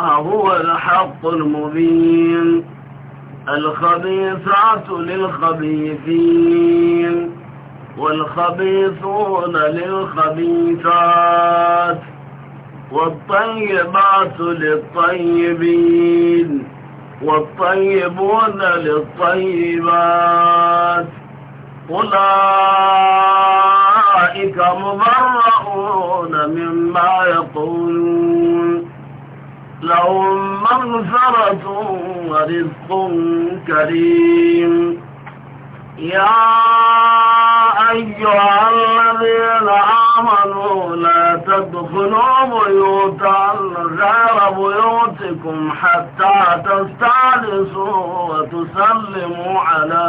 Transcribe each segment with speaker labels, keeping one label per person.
Speaker 1: هو الحق المبين الخبيثات للخبيثين والخبيثون للخبيثات والطيبات للطيبين والطيبون للطيبات أولئك مبرؤون مما يقولون لهم مغفرة ورزق كريم يا أيها الذين آمنوا لا تدخلوا بيوتا غير بيوتكم حتى تستانسوا وتسلموا على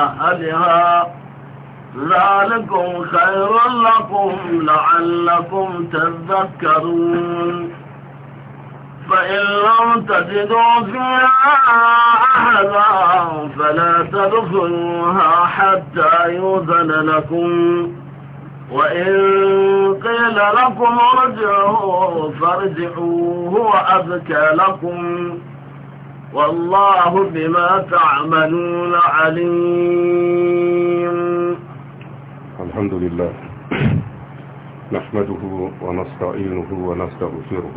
Speaker 1: أهلها ذلكم خير لكم لعلكم تذكرون فإن لم تجدوا فيها أحدا فلا تدخلوها حتى يوذن لكم وإن قيل لكم ارجعوا فارجعوا هو أذكى لكم والله بما تعملون عليم
Speaker 2: الحمد لله نحمده ونستعينه ونستغفره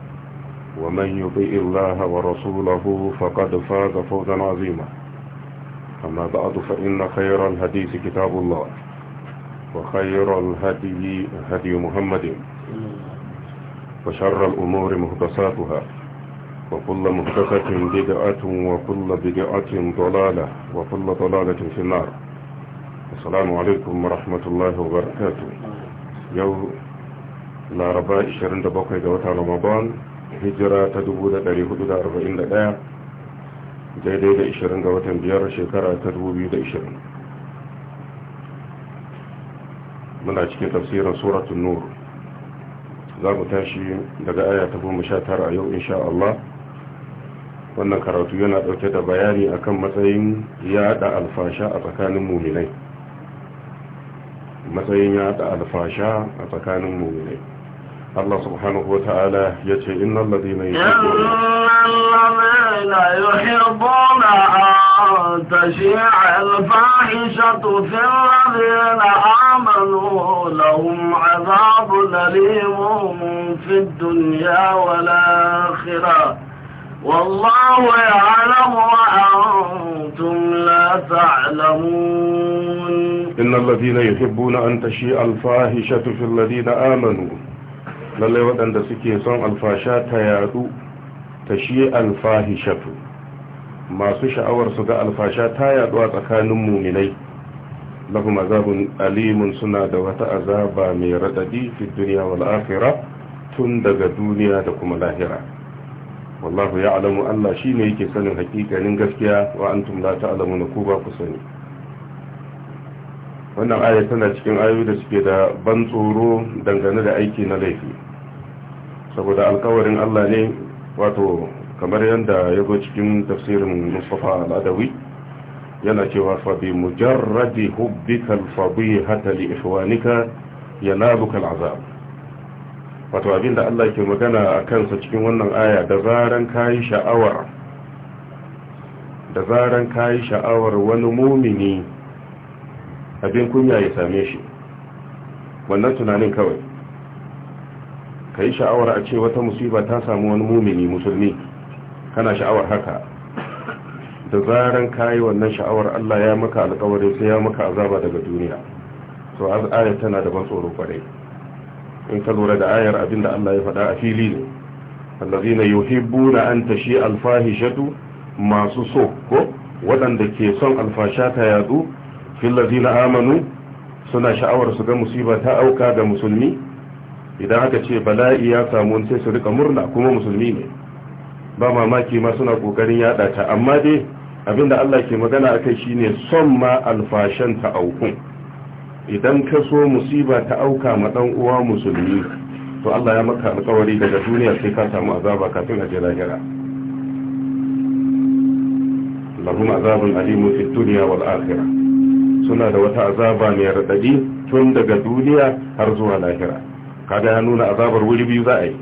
Speaker 2: ومن يطيع الله ورسوله فقد فاز فوزا عظيما أما بعد فإن خير الحديث كتاب الله وخير الهدي هدي محمد وشر الأمور مهدساتها وكل مهدسة بدعة وكل بدعة ضلالة وكل ضلالة في النار السلام عليكم ورحمة الله وبركاته يوم لا رباء 27 ga watan رمضان hijira ta 1441 daidai da 20 ga watan biyar shekara ta 2020 muna cikin tafsirin suratun nur za mu tashi daga aya ta 19 a yau insha Allah wannan karatu yana dauke da bayani akan matsayin yada alfasha a tsakanin muminai matsayin yada alfasha a tsakanin muminai الله سبحانه وتعالى يتي إن الذين يحبون إن
Speaker 1: الذين يحبون أن تشيع الفاحشة في الذين آمنوا لهم عذاب أليم في الدنيا والآخرة والله يعلم وأنتم لا تعلمون إن
Speaker 2: الذين يحبون أن تشيع الفاحشة في الذين آمنوا lallai waɗanda suke son alfasha ta yadu ta shi alfahishatu masu sha'awar su ga alfasha ta yadu a tsakanin muminai lahum azabun alimun suna da wata azaba mai raɗaɗi fi duniya wal akhirah tun daga duniya da kuma lahira wallahu ya'lamu Allah shi ne yake sanin hakikanin gaskiya wa antum alamu na ku ba ku sani wannan ayar tana cikin ayoyi da suke da ban tsoro dangane da aiki na laifi saboda alkawarin Allah ne wato kamar yadda ya zo cikin tafsirin Mustafa al-Adawi yana cewa fa bi mujarradi hubbika al-fadihata li ikhwanika yanabuka al-azab wato abinda Allah ke magana a kansa cikin wannan aya da zaran kayi sha'awar da zaran kayi sha'awar wani mumini abin kunya ya same shi wannan tunanin kawai ka yi sha'awar a ce wata musiba ta samu wani mumini musulmi kana sha'awar haka da zaran ka wannan sha'awar allah ya maka alkawari sai ya maka azaba daga duniya so ayar tana da ban tsoro kwarai in ka lura da ayar abinda allah ya faɗa a fili ne allazina yuhibbuna an tashi alfahishatu masu so ko waɗanda ke son alfasha ta yadu na amanu suna sha'awar su ga musiba ta auka ga musulmi idan aka ce bala'i ya samu sai su rika murna kuma musulmi ne ba mamaki ma suna kokarin yada ta amma dai abinda Allah ke magana akai shine son ma alfashan ta aukun idan ka so musiba ta auka ma dan uwa musulmi to Allah ya maka alƙawari daga duniya sai ka samu azaba kafin a je lahira lahum azabun alimun fid dunya wal akhirah suna da wata azaba mai raɗaɗi tun daga duniya har zuwa lahira Kada ya nuna azabar wuri biyu za a yi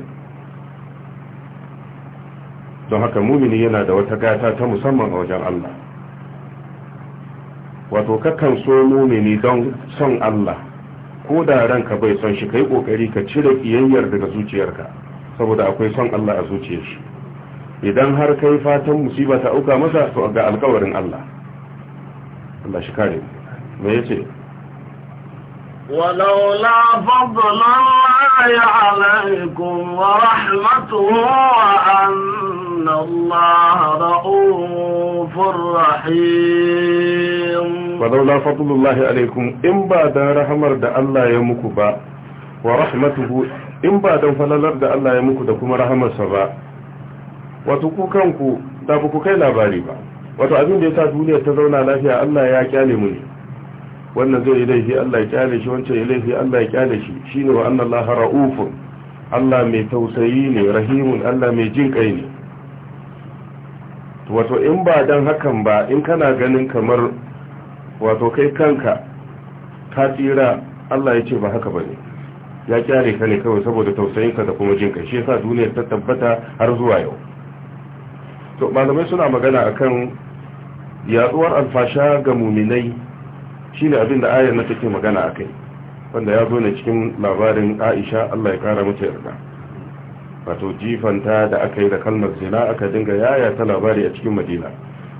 Speaker 2: don haka mumini yana da wata gata ta musamman a wajen Allah wato kakan so mumini don son Allah ko da ranka bai son shi kai kokari ka cire kiyayyar daga zuciyarka saboda akwai son Allah a zuciyar shi idan har kai fatan musiba ta auka masa to ga alkawarin Allah Allah shi kare mu me yace
Speaker 1: walaula fadlullahi alaikum wa rahmatuhu wa anna allaha ra'ufur rahim
Speaker 2: walaula alaikum in ba dan rahmar da Allah ya muku ba wa rahmatuhu in ba dan falalar da Allah ya muku da kuma rahmarsa ba wato ku kanku da ku kai labari ba wato abin da ya yasa duniya ta zauna lafiya Allah ya kyale mu wannan zai yi laifi Allah ya kyale shi wancan ya laifi Allah ya kyale shi shine wa anna Allah ra'ufun Allah mai tausayi ne rahimun Allah mai jin kai ne wato in ba dan hakan ba in kana ganin kamar wato kai kanka ka tsira Allah ya ce ba haka bane ya kyale ka ne kawai saboda tausayin ka da kuma jin kai shi yasa duniyar ta tabbata har zuwa yau to malamai suna magana akan yaduwar alfasha ga muminai shine abin da ayar na take magana a kai wanda ya zo ne cikin labarin Aisha Allah ya kara mata yarda wato jifanta da aka yi da kalmar zina aka dinga yaya ta labari a cikin Madina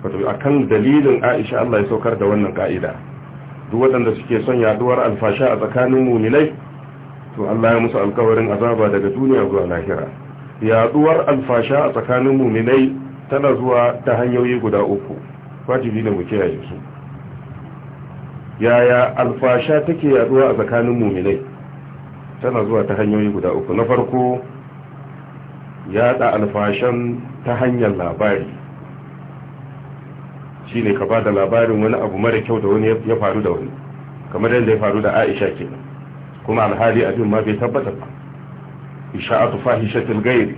Speaker 2: wato a kan dalilin Aisha Allah ya saukar da wannan ka'ida duk waɗanda suke son yaduwar alfasha a tsakanin muminai to Allah ya musu alkawarin azaba daga duniya zuwa lahira yaduwar alfasha a tsakanin muminai tana zuwa ta hanyoyi guda uku wajibi ne mu kiyaye su yaya alfasha take yaduwa a tsakanin muminai tana zuwa ta hanyoyi guda uku na farko yada alfashan ta hanyar labari shi ne ka bada labarin wani abu mara kyau da wani ya faru da wani kamar yadda ya faru da Aisha kenan kuma alhali abin ma bai tabbata ba isha'atu fahishatil gairi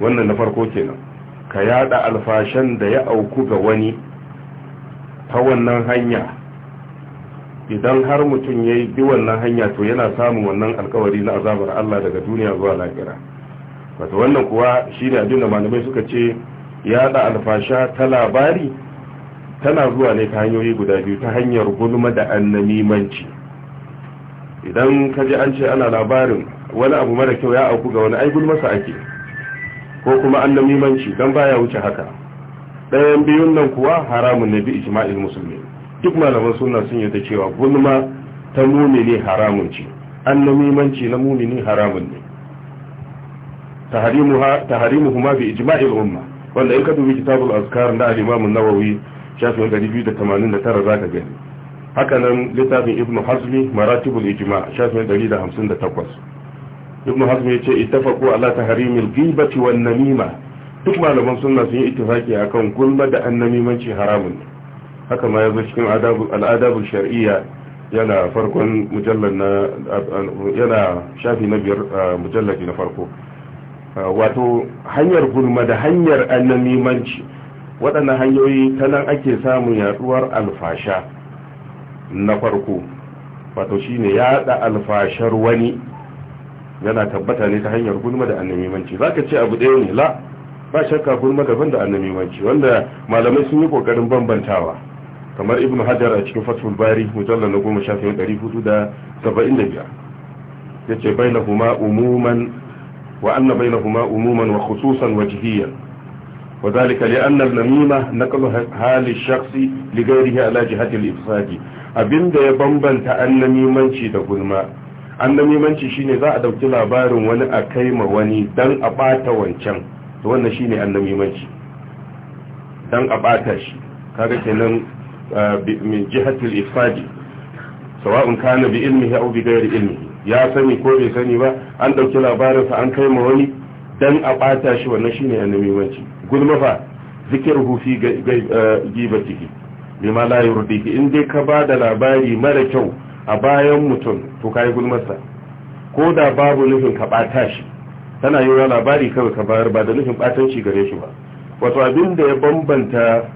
Speaker 2: wannan na farko kenan ka yada alfashan da ya auku ga wani ta wannan hanya idan har mutum ya bi wannan hanya to yana samun wannan alkawari na azabar Allah daga duniya zuwa lahira wato wannan kuwa shine abin da malamai suka ce ya da alfasha ta labari tana zuwa ne ta hanyoyi guda biyu ta hanyar gulma da annamimanci idan ka ji an ce ana labarin wani abu mara kyau ya auku ga wani ai gulmasa ake ko kuma annamimanci dan baya wuce haka ɗayan biyun nan kuwa haramun ne bi ijma'il musulmi duk malaman suna sun yi yarda cewa gulma ta mumini haramun ce annamimanci na mumini haramun ne taharimuhu ma bi ijma'il umma wanda in ka dubi kitabul azkar na al-imam an-nawawi shafin 289 zaka gani haka nan littafin ibnu hazmi maratibul ijma' shafin 158 ibnu hazmi yace ittafaqu ala tahrimil ghibati wan namima duk malaman sunna sun yi ittifaki akan gulma da annamimanci haramun ne haka ma ya zo cikin al'adabul shari'a yana farkon mujallar na yana shafi na biyar mujallar na farko wato hanyar gulma da hanyar annamimanci waɗannan hanyoyi ta nan ake samun yaduwar alfasha na farko wato shi ne yada alfashar wani yana tabbata ne ta hanyar gulma da annamimanci za ka ce abu ɗaya ne la ba shakka gulma daban da annamimanci wanda malamai sun yi ƙoƙarin bambantawa kamar ibnu hajar a cikin fathul bari mujallar na goma shafin ɗari hudu da saba'in da biyar ya ce bai na huma umuman wa anna bai na huma umuman wa khususan wa jihiyar wa zalika li annal namima naqlu hali shaksi li ghayrihi ala jihati al-ifsadi abinda ya bambanta an namimanci da gulma annamimanci shine za a dauki labarin wani a kai ma wani dan a bata wancan to wannan shine annamimanci dan a bata shi kaga kenan min jihatul ifadi sawa'un kana bi ilmihi aw bi ghairi ya sani ko bai sani ba an ɗauki labarinsa an kai ma wani dan a bata shi wannan shine annamimanci gulma fa zikruhu fi gibatihi bima la yurdihi in dai ka ba da labari mara kyau a bayan mutum to kai gulmarsa ko da babu nufin ka bata shi tana yi labari kawai ka bayar ba da nufin batanci gare shi ba wato abin da ya bambanta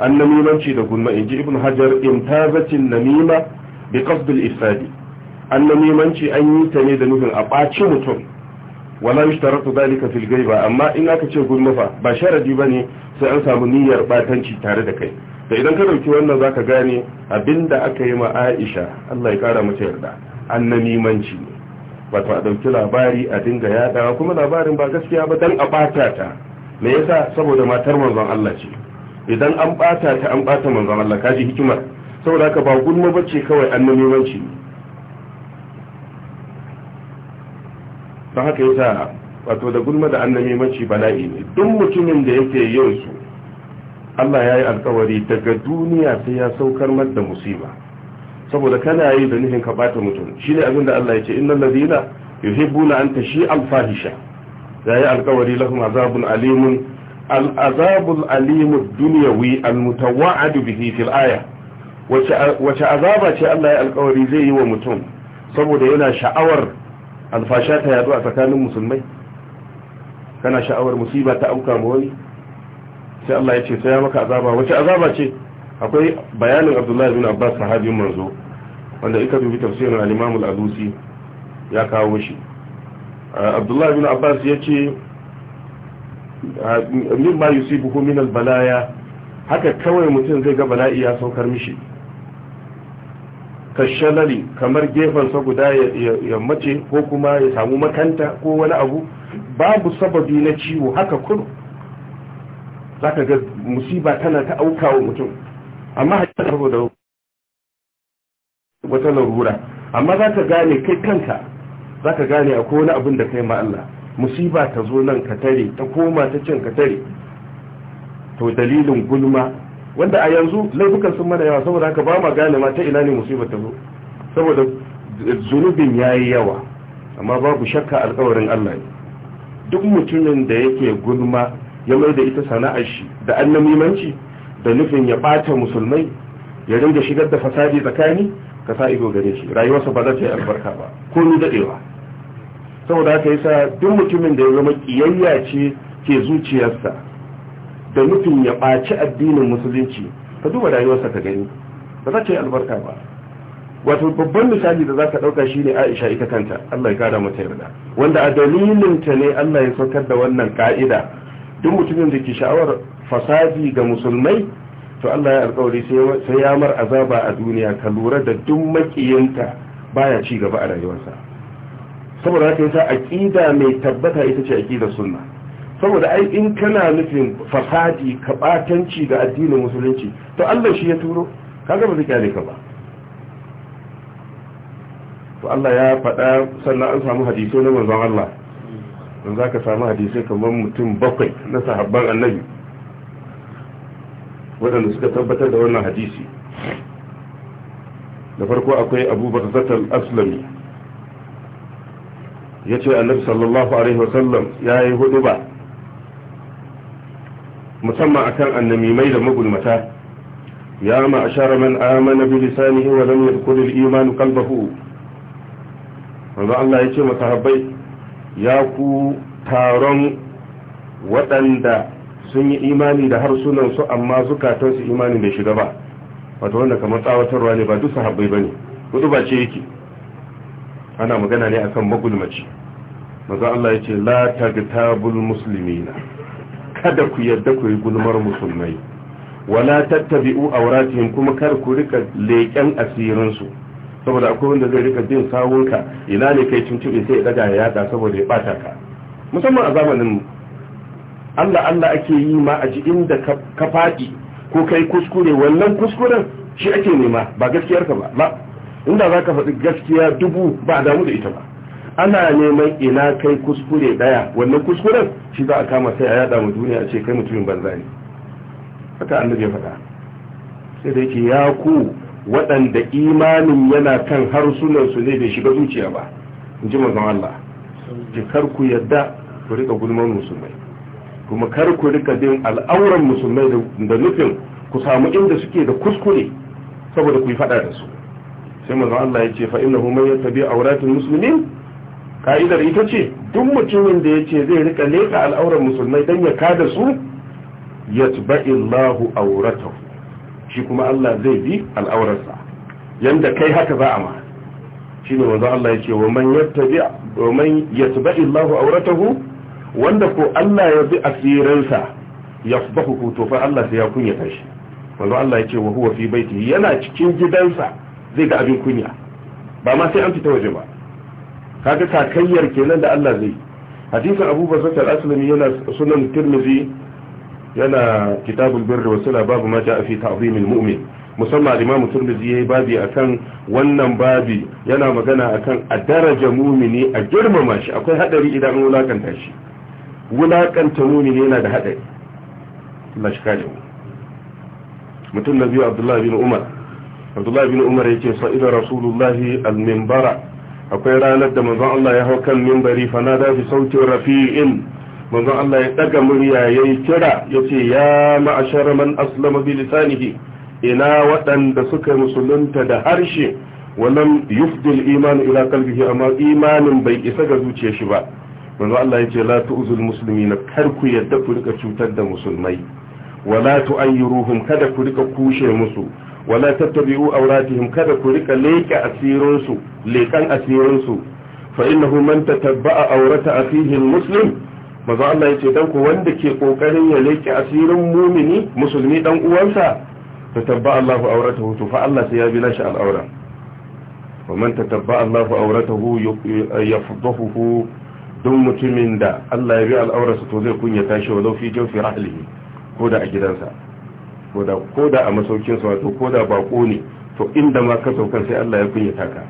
Speaker 2: an namimanci da gulma inji ibn hajar imtazatin namima bi qasdil ifsadi an namimanci an yi ta ne da nufin a ɓaci mutum wala yushtaratu zalika fil ghaiba amma in aka ce gulma fa ba sharadi ne sai an samu niyyar batanci tare da kai da idan ka dauki wannan zaka gane abinda aka yi ma Aisha Allah ya kara mata yarda an namimanci ne wato ta ɗauki labari a dinga yadawa kuma labarin ba gaskiya ba dan a ɓata ta me yasa saboda matar manzon Allah ce idan an bata ta an bata manzon Allah kaji hikimar saboda haka ba gulma bace kawai annabiwanci don haka yasa wato da gulma da annabiwanci bala'i ne duk mutumin da yake yin su Allah ya yi alkawari daga duniya sai ya saukar mar da musiba saboda kana yi da nufin ka bata mutum shine abin da Allah ya ce innal ladina yuhibbuna an tashi al fahisha ya yi alkawari lahum azabun alimun al'azabul alimu duniyawi almutawa'adu bihi fil aya wace azaba ce Allah ya alkawari zai yi wa mutum saboda yana sha'awar alfasha ta yadu a tsakanin musulmai kana sha'awar musiba ta auka ma wani sai Allah ya ce sai ya maka azaba wace azaba ce akwai bayanin Abdullahi bin Abbas sahabin manzo wanda ika dubi tafsirin al-Imam al-Alusi ya kawo shi Abdullahi bin Abbas ya ce mimma yusibuhu min albalaya haka kawai mutum zai ga bala'i ya saukar mishi kashalali kamar sa guda ya mace ko kuma ya samu makanta ko wani abu babu sababi na ciwo haka kudu zaka ga musiba tana ta auka wa mutum amma haka saboda wata larura amma zaka gane kai kanka zaka gane akwai wani abin da kai ma Allah musiba ta zo nan ka tare ta koma ta cin ka tare to dalilin gulma wanda a yanzu laifukan sun mana yawa saboda haka ba ma gane ma ta ina ne musiba ta zo saboda zunubin ya yi yawa amma babu shakka alkawarin Allah ne duk mutumin da yake gulma ya mai da ita sana'ar shi da annamimanci da nufin ya bata musulmai ya dinga shigar da fasadi tsakani ka sa ido gare shi rayuwarsa ba za ta yi albarka ba ko ni dadewa saboda haka yasa duk mutumin da ya zama kiyayya ce ke zuciyarsa da nufin ya ɓaci addinin musulunci ka duba rayuwarsa ka gani ba za ta yi albarka ba wato babban misali da za ka ɗauka shi ne aisha ita kanta allah ya kara mata yarda wanda a dalilinta ne allah ya saukar da wannan ka'ida duk mutumin da ke sha'awar fasadi ga musulmai to allah ya alkawari sai ya mar azaba a duniya ka lura da duk makiyinta baya ci gaba a rayuwarsa saboda haka yasa aqida mai tabbata ita ce aqida sunna saboda ai in kana nufin fasadi ka batanci ga addinin musulunci to Allah shi ya turo kaga ba zai kyale ka ba to Allah ya faɗa sannan an samu hadisai na manzon Allah don samu hadisai kamar mutum bakwai na sahabban annabi waɗanda suka tabbatar da wannan hadisi da farko akwai abubakar zatar aslami ya ce annabi sallallahu alaihi wasallam ya yi hudu ba musamman akan annamimai da magulmata ya ma'ashara man amana bi lisanihi wa lam yadkhul al-iman qalbahu wanda Allah ya ce masahabbai ya ku taron waɗanda sun yi imani da harsunansu amma zukatansu imani bai shiga ba wato wanda kamar tsawatarwa ne ba duk sahabbai ba ne hudu ba ce yake ana magana ne akan magulmaci maza Allah ya ce la tagtabul muslimina kada ku yarda ku yi gulmar musulmai wala tattabi'u auratihim kuma kar ku rika leken asirin su saboda akwai wanda zai rika jin sawunka ina ne kai tuntube sai ya daga ya yada saboda ya bata ka musamman a zamanin Allah Allah ake yi ma a ji inda ka faɗi ko kai kuskure wannan kuskuren shi ake nema ba gaskiyarka ba inda za ka faɗi gaskiya dubu ba a damu da ita ba ana neman ina kai kuskure ɗaya wannan kuskuren shi za a kama sai a yada mu duniya a ce kai mutumin banza ne haka annabi ya faɗa sai da yake ya ku waɗanda imanin yana kan harsunan su ne bai shiga zuciya ba in ji manzon Allah ji kar ku yadda ku rika gulman musulmai kuma kar ku rika bin al'auran musulmai da nufin ku samu inda suke da kuskure saboda ku yi faɗa da su sai manzo Allah ya ce fa innahu man a awratul muslimin ka'idar ita ce duk mutumin da ya ce zai rika leka al'auran musulmai don ya kada su yatba'i Allahu awratahu shi kuma Allah zai bi al'aurarsa yanda kai haka za a ma shine manzo Allah ya ce wa man yattabi wa man yatba'i wanda ko Allah ya bi asirinsa yasbahu to fa Allah sai ya kunyata shi manzo Allah ya ce wa huwa fi baitihi yana cikin gidansa zai ga abin kunya ba ma sai an fita waje ba kaga takayyar kenan da Allah zai hadisin Abu Bakar al-Aslami yana sunan Tirmidhi yana kitabul birr wa sala babu ma ja'a fi ta'zimil mu'min musamman Imam Tirmidhi yayi babi akan wannan babi yana magana akan a daraja mu'mini a girmama shi akwai hadari idan an wulakanta shi wulakanta mu'mini yana da hadari Allah shi kare mutum na biyu Abdullah bin Umar abdullahi bin umar yace sa idan rasulullahi al akwai ranar da manzon Allah ya hau kan mimbari fa na dafi sautin rafi'in manzon Allah ya daga murya yayi kira yace ya ma'ashara man aslama bi lisanihi ina waɗanda suka musulunta da harshe walam yufdil iman ila qalbihi amma imanin bai isa ga zuciyar shi ba manzo Allah yace la tu'zul muslimina kar ku yadda ku rika cutar da musulmai wala tu'ayyiruhum kada ku rika kushe musu wala tattabi'u auratihim kada ku rika leke asirinsu lekan asirinsu fa innahu man tatabba'a aurata akhihi muslim maza Allah yace dan ku wanda ke kokarin ya leke asirin mumini musulmi dan uwansa tatabba'a Allahu auratahu to fa Allah sai ya bi nashi al'aura wa man tatabba'a Allahu auratahu yafdahu don mutumin da Allah ya bi al'aurarsa to zai kunya tashi wa fi jawfi rahlihi ko da a gidansa ko da a masaukin sa to ko da bako ne to inda ma ka saukar sai Allah ya kunyata ka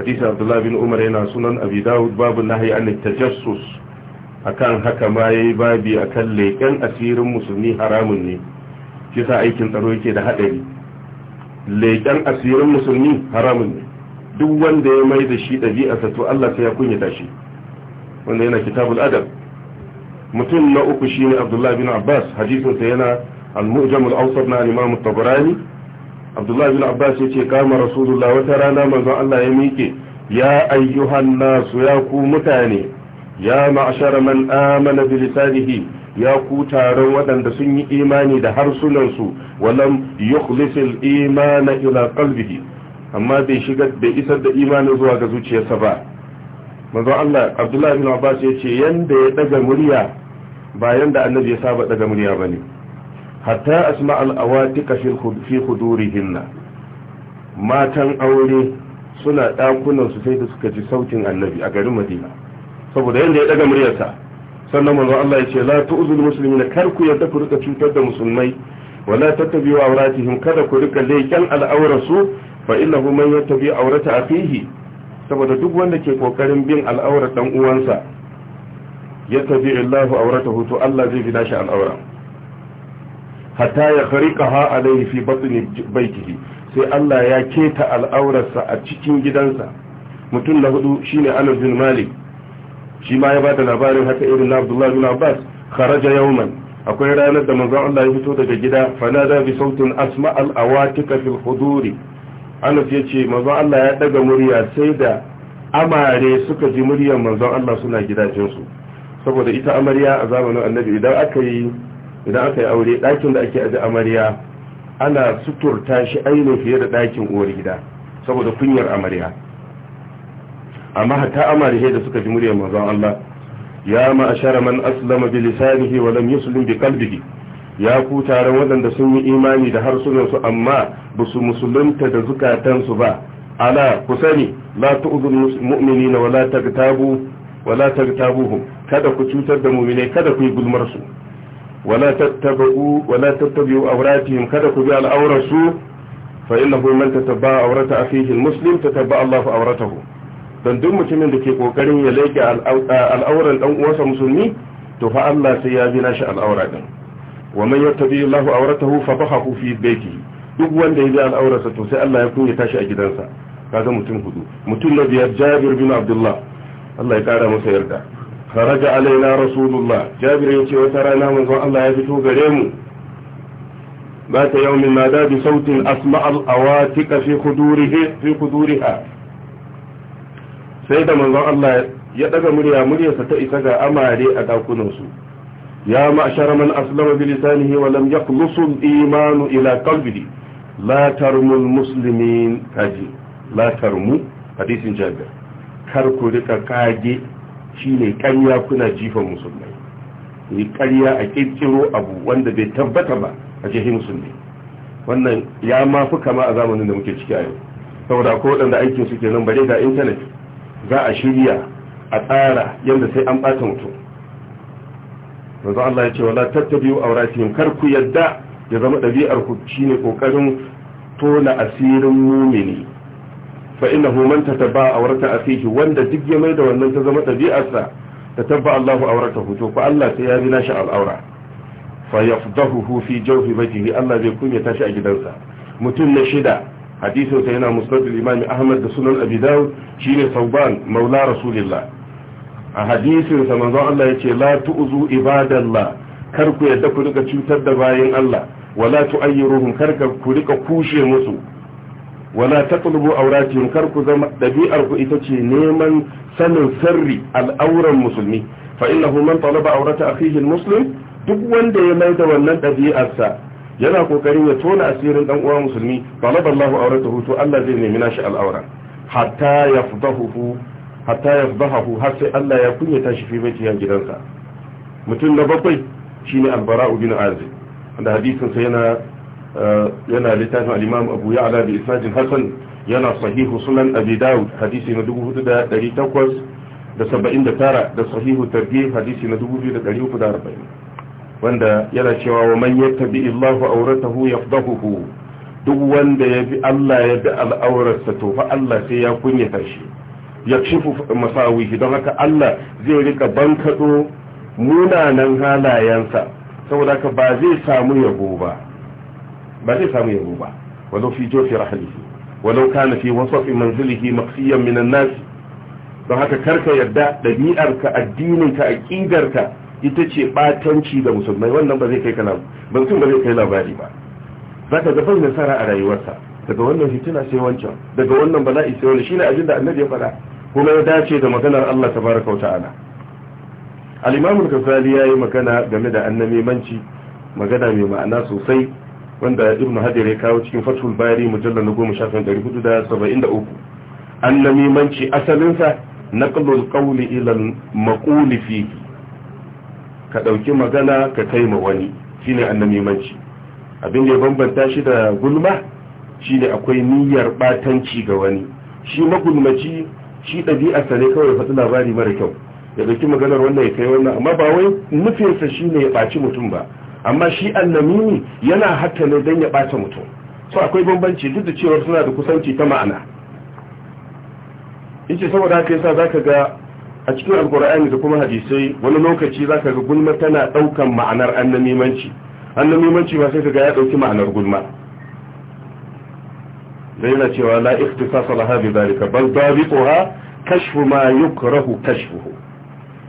Speaker 2: hadisi Abdullah bin Umar yana sunan Abi Dawud babu nahyi an tajassus akan haka ma yayi babi akan leken asirin musulmi haramun ne kisa aikin tsaro yake da hadari leken asirin musulmi haramun ne duk wanda ya mai da shi ɗabi'arsa to Allah sai ya kunyata shi wanda yana kitabul adab mutum na uku shine Abdullah bin Abbas hadisin sa yana al-mu'jam al-awsat na imam at-tabarani abdullah ibn abbas kama rasulullah wata rana manzon Allah ya mike ya ayyuhan nasu ya ku mutane ya ma'ashara man amana bi ya ku taron waɗanda sun yi imani da harsunansu walam yukhlisil imana ila qalbihi amma bai isar da imanin zuwa ga zuciyarsa ba manzon Allah Abdullah ibn Abbas yace yanda ya daga murya ba yanda annabi ya saba daga murya bane hatta asma al'awatika fi hudurihinna matan aure suna ɗakunansu sai da suka ji sautin annabi a garin madina saboda yadda ya ɗaga muryarsa sannan manzo Allah ya ce la tu'zul muslimina kar ku ya ku rika cutar da musulmai wala tattabi'u awratihim kada ku rika leƙen al'aurarsu fa innahu man yattabi awrata akhihi saboda duk wanda ke kokarin bin al'aurar dan uwansa yattabi Allahu awratahu to Allah zai bi nashi al'auran hatta ya a laifi fi batni baitihi sai Allah ya keta al'aurarsa a cikin gidansa mutum na hudu shine Anas bin Malik shi ma ya bada labarin haka irin na Abdullah bin Abbas kharaja yawman akwai ranar da manzon Allah ya fito daga gida fanada bi sautin asma al-awatika fil huduri Anas ce manzon Allah ya daga murya sai da amare suka ji muryar manzon Allah suna gidajensu saboda ita amarya a zamanin Annabi idan aka yi idan aka yi aure ɗakin da ake aji amarya ana suturta shi ainihin fiye da ɗakin uwar gida saboda kunyar amarya amma hatta amarya da suka ji muryar manzon Allah ya ma'ashara man aslama bi lisanihi wa lam yuslim bi qalbihi ya ku tare waɗanda sun yi imani da harsunansu amma ba su musulunta da zukatansu ba ala ku sani la tu'zul mu'minina wa la tagtabu wa la tagtabuhum kada ku cutar da mu'mine kada ku yi gulmar su wala tattabu wala tattabu awratihim kada ku bi al'aurasu fa innahu man tatabba awrata akhihi almuslim tatabba Allahu awratahu dan duk mutumin da ke kokarin ya leke al'auran dan uwansa musulmi to fa Allah sai ya bi shi al'aura din wa man yattabi Allahu awratahu fa bahahu fi baiti duk wanda ya bi al'aurarsa to sai Allah ya kunya tashi a gidansa kaga mutum hudu mutum na biyar Jabir bin Abdullah Allah ya kara masa yarda faraja alaina rasulullah jabir ya ce wata rana manzon Allah ya fito gare mu ba ta yau min nada bi sautin asma al-awatika fi khudurihi fi khuduriha sai da manzon Allah ya daga murya muryarsa ta isa ga amare a dakunan su ya ma'shar man aslama bi lisanihi wa lam yaqlusu al-iman ila qalbihi la tarmu al-muslimin kaji la tarmu hadisin jabir kar ku rika kage shine karya kuna jifan musulmai ku yi karya a kirkiro abu wanda bai tabbata ba a jihi musulmi wannan ya ma fi kama a zamanin da muke ciki a yau saboda ko waɗanda aikin su kenan bare ga intanet za a shirya a tsara yadda sai an ɓata mutum yanzu Allah ya ce wala a auratihim kar ku yadda ya zama ɗabi'ar ku shine kokarin tona asirin mumini fa ba a tataba a afihi wanda duk ya mai da wannan ta zama ta tatabba Allahu awratahu hoto fa Allah sai ya bi nashi al'aura fa yafdahuhu fi jawfi wajhihi Allah zai kunya tashi a gidansa mutum na shida hadisin sa yana musnad al-imam Ahmad da sunan Abi Dawud shine Sauban maula Rasulillah a hadisin sa manzon Allah yace la tu'zu ibadallah kar ku yadda ku rika cutar da bayin Allah wala tu'ayyiruhum kar ku rika kushe musu wala taqlubu awratihim kar ku zama dabi'ar ku ita ce neman sanin sirri al'auran musulmi fa innahu man talaba awrata akhihi almuslim duk wanda ya mai da wannan dabi'arsa yana kokarin ya tona asirin dan uwa musulmi talaba Allahu hutu to Allah zai nemi nashi al'aura hatta yafdahu hatta yafdahu har sai Allah ya kunyata shi fi yan gidansa mutum na bakwai shine albara'u bin azib da hadisin sa yana yana littafin al-imam abu ya'la bi isnadin hasan yana sahihu sunan abi daud hadisi na 4879 da sahihu targhib hadisi na 2340 wanda yana cewa wa man yattabi Allahu awratahu yafdahuhu duk wanda ya bi Allah ya bi al'aurarsa to fa Allah sai ya kunya shi ya shifu masawihi don haka Allah zai rika bankaɗo munanan halayensa saboda haka ba zai samu yabo ba ba zai samu yabo ba walau fi jofi rahalihi walau kana fi wasafi manzilihi maqsiyan minan nas don haka karka yarda dabi'arka addininka ka ita ce batanci da musulmai wannan ba zai kai kana ba mutum ba zai kai labari ba zaka ga ban nasara a rayuwarsa daga wannan fitina sai wancan daga wannan bala'i sai wani shine abin da annabi ya faɗa kuma ya dace da maganar Allah tabaraka wa ta'ala al-imam al-ghazali yayi magana game da annabi manci magana mai ma'ana sosai wanda ibnu hajar ya kawo cikin fatul bari mujallar na goma shafin ɗari hudu da saba'in da uku an namimanci asalinsa naqlul qawli ila maquli fi ka ɗauki magana ka kai ma wani shine an mimanci. abin da ya bambanta shi da gulma shine akwai niyyar batanci ga wani shi magulmaci shi ɗabi'arsa ne kawai faɗi labari mara kyau ya ɗauki maganar wannan ya kai wannan amma ba wai nufinsa shine ya ɓaci mutum ba amma shi annamimi yana hatta ne don ya ɓata mutum so akwai bambanci duk da cewa suna da kusanci ta ma'ana yace saboda haka yasa zaka ga a cikin alkur'ani da kuma hadisai wani lokaci zaka ga gulma tana daukan ma'anar annamimanci annamimanci ba sai kaga ya dauki ma'anar gulma da yana cewa la ikhtisasa laha bi zalika bal dabiquha kashfu ma yukrahu kashfuhu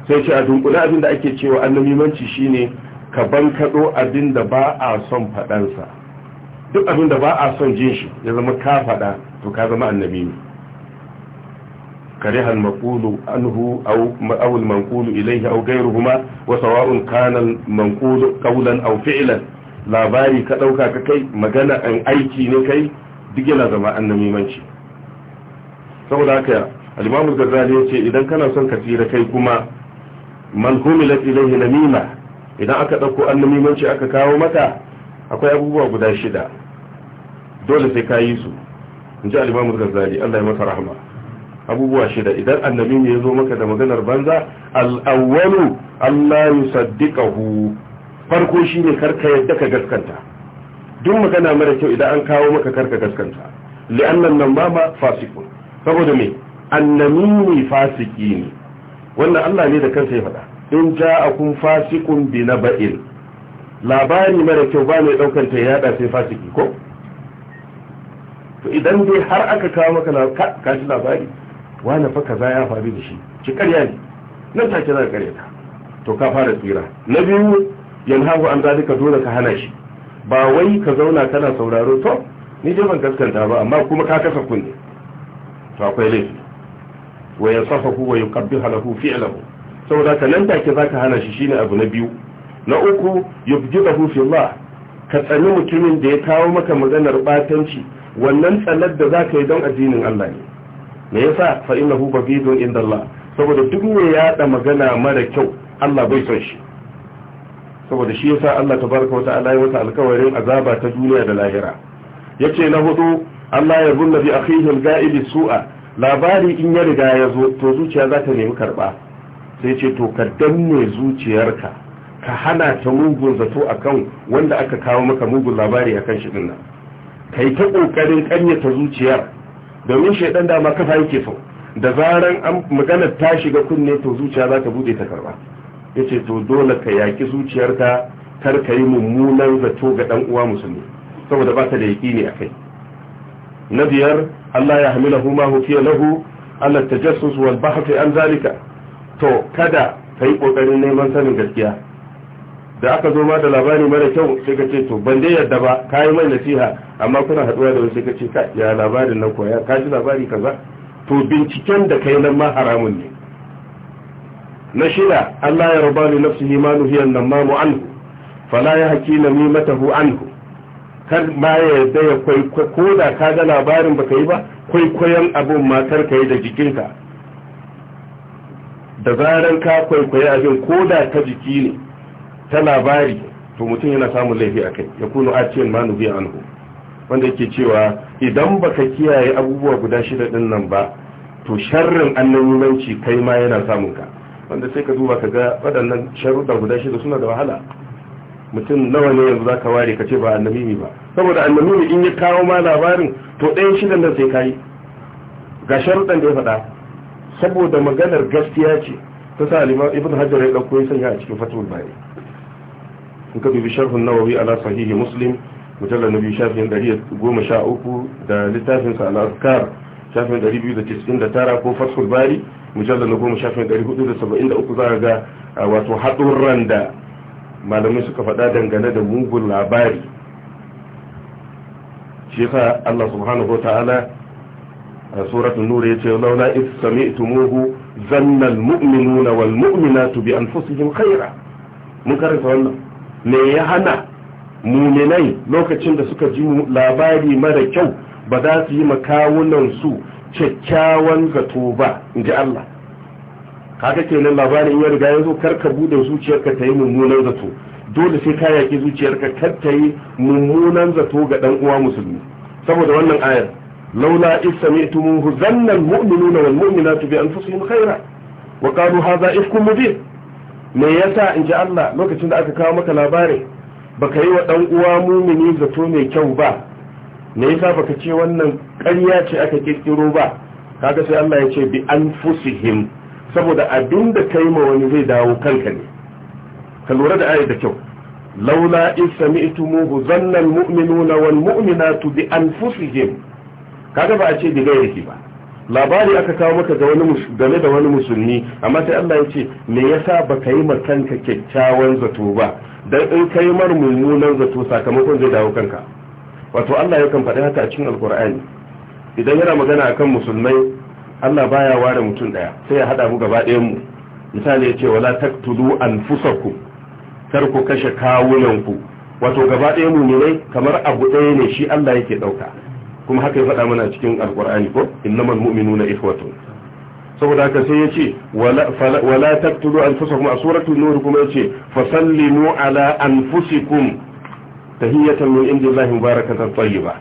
Speaker 2: sai ce a dunkule abin da ake cewa annamimanci shine ka bankaɗo abin da ba a son faɗansa duk abin da ba a son jin shi ya zama ka faɗa to ka zama annabi ne aw المقول عنه أو أو المنقول إليه أو غيرهما وسواء كان المنقول قولا أو فعلا labari ka ɗauka ka kai magana an aiki ne kai duk yana zama manci. saboda haka al al ghazali yace idan kana son ka tsira kai kuma man humilat ilayhi namima idan aka ɗauko annumimanci aka kawo mata akwai abubuwa guda shida dole sai ka yi su in ji alimamu gazzali allah ya masa rahama abubuwa shida idan annabi ne ya zo maka da maganar banza al'awwalu allah hu farko shine karka yadda ka gaskanta duk magana mara kyau idan an kawo maka karka gaskanta li'annan nan ma fasikun saboda me annamimi fasiki ne wannan allah ne da kansa ya faɗa in ja a kun fasikun bi na ba'in labari mara kyau ba mai daukar ta yada sai fasiki ko to idan dai har aka kawo maka kashi labari wani fa kaza ya faru da shi ki karya ne nan take za ka karya ta to ka fara tsira na biyu yanhahu an zalika dole ka hana shi ba wai ka zauna kana sauraro to ni dai ban gaskanta ba amma kuma ka kasa kunne to akwai laifi wa yasafahu wa yuqabbihu lahu fi'luhu saboda ka nan take zaka hana shi shine abu na biyu na uku yubjidahu fi Allah ka tsani mutumin da ya kawo maka maganar batanci wannan tsanar da zaka yi don addinin Allah ne me yasa fa innahu babidun inda Allah saboda duk ne ya da magana mara kyau Allah bai son shi saboda shi yasa Allah tabaraka wata'ala ya wata alƙawarin azaba ta duniya da lahira yace na hudu Allah ya zunna bi akhihi al gaibi su'a labari in ya riga ya zo to zuciya za ta nemi karba sai ce to ka danne zuciyarka ka hana ta mugun zato akan wanda aka kawo maka mugun labari akan shi dinnan kai ta kokarin ƙanyata zuciyar domin shaidan dama kafa yake so da zaran an magana ta shiga kunne to zuciya za ta bude ta karba yace to dole ka yaki zuciyarka kar ka yi mummunan zato ga dan uwa musulmi saboda ba ta da a akai na biyar Allah ya hamilahu ma hufiya lahu ala tajassus wal bahth an zalika to kada ka yi ƙoƙarin neman sanin gaskiya da aka zo ma da labari mara kyau sai ka ce to ban dai yadda ba ka yi mai nasiha amma kuna haɗuwa da wani sai ka ce ya labarin nan koya ka ji labari kaza to binciken da kai nan ma haramun ne na shida Allah ya raba ni nafsi ma hiyan nan ma mu anhu fala ya haki hu anhu kar ma ya yadda ya kwaikwayo ko da ka ga labarin ba ka yi ba kwaikwayon abun matar ka yi da jikinka da zarar ka kwaikwayi abin ko da ta jiki ne ta labari to mutum yana samun laifi a kai ya kuno aciyan ma biya anhu wanda yake cewa idan baka kiyaye abubuwa guda shida din nan ba to sharrin annabimanci kai ma yana samun ka wanda sai ka duba ka ga waɗannan sharuɗa guda shida suna da wahala mutum nawa ne yanzu za ka ware ka ce ba annamimi ba saboda annamimi in ya kawo ma labarin to ɗayan shidan nan sai ka yi ga sharuɗan da ya faɗa saboda maganar gaskiya ce ta sa liman ibn hajjar ya ɗauko ya sanya a cikin fatul bari in ka dubi sharhun nawawi ala sahihi muslim mujallal nabi shafin ɗari goma sha uku da littafin sa da cikin da tara ko fatul bari mujallar na goma shafin ɗari da da saba'in uku za ga wato haɗurran da malamai suka faɗa dangane da mugun labari shi yasa Allah subhanahu wa ta'ala suratul nur yace laula if sami'tumuhu zanna almu'minuna walmu'minatu bi anfusihim khaira mun karanta wannan me ya hana muminai lokacin da suka ji labari mara kyau ba za su yi makawunan su kyakkyawan zato ba in ji Allah kaga kenan labarin ya riga yanzu karka bude zuciyarka ta yi mummunan zato dole sai ka yaki zuciyarka kar ta yi mummunan zato ga dan uwa musulmi saboda wannan ayar laula is sami'tumuhu zanna almu'minuna wal mu'minatu bi anfusihim khaira wa qalu hadha ifkun mubin me yasa in ji Allah lokacin da aka kawo maka labarin baka yi wa dan uwa mumini zato ne kyau ba me yasa baka ce wannan ƙarya ce aka kirkiro ba kaga sai Allah ya ce bi anfusihim saboda abin da kai ma wani zai dawo kanka ne ka lura da ayat da kyau laula in sami'tumuhu kaga ba a ce diga yake ba labari aka kawo maka ga wani game da wani musulmi amma sai Allah ya ce me yasa baka yi ma kanka kyakkyawan zato ba dan in kai mar mummunan zato sakamakon zai dawo kanka wato Allah ya kan faɗi haka a cikin alkur'ani idan yana magana akan musulmai Allah baya ware mutum daya sai ya hada mu gaba ɗayan mu misali ya ce wala taktulu anfusakum kar ku kashe kawunan ku wato gaba ɗaya mu ne kamar abu ɗaya ne shi Allah yake ɗauka kuma haka ya faɗa mana cikin alkur'ani ko innamal mu'minuna ikhwatun saboda haka sai yace wala taqtulu anfusakum a suratul nur kuma yace fasallimu ala anfusikum tahiyatan min indillahi mubarakatan tayyiba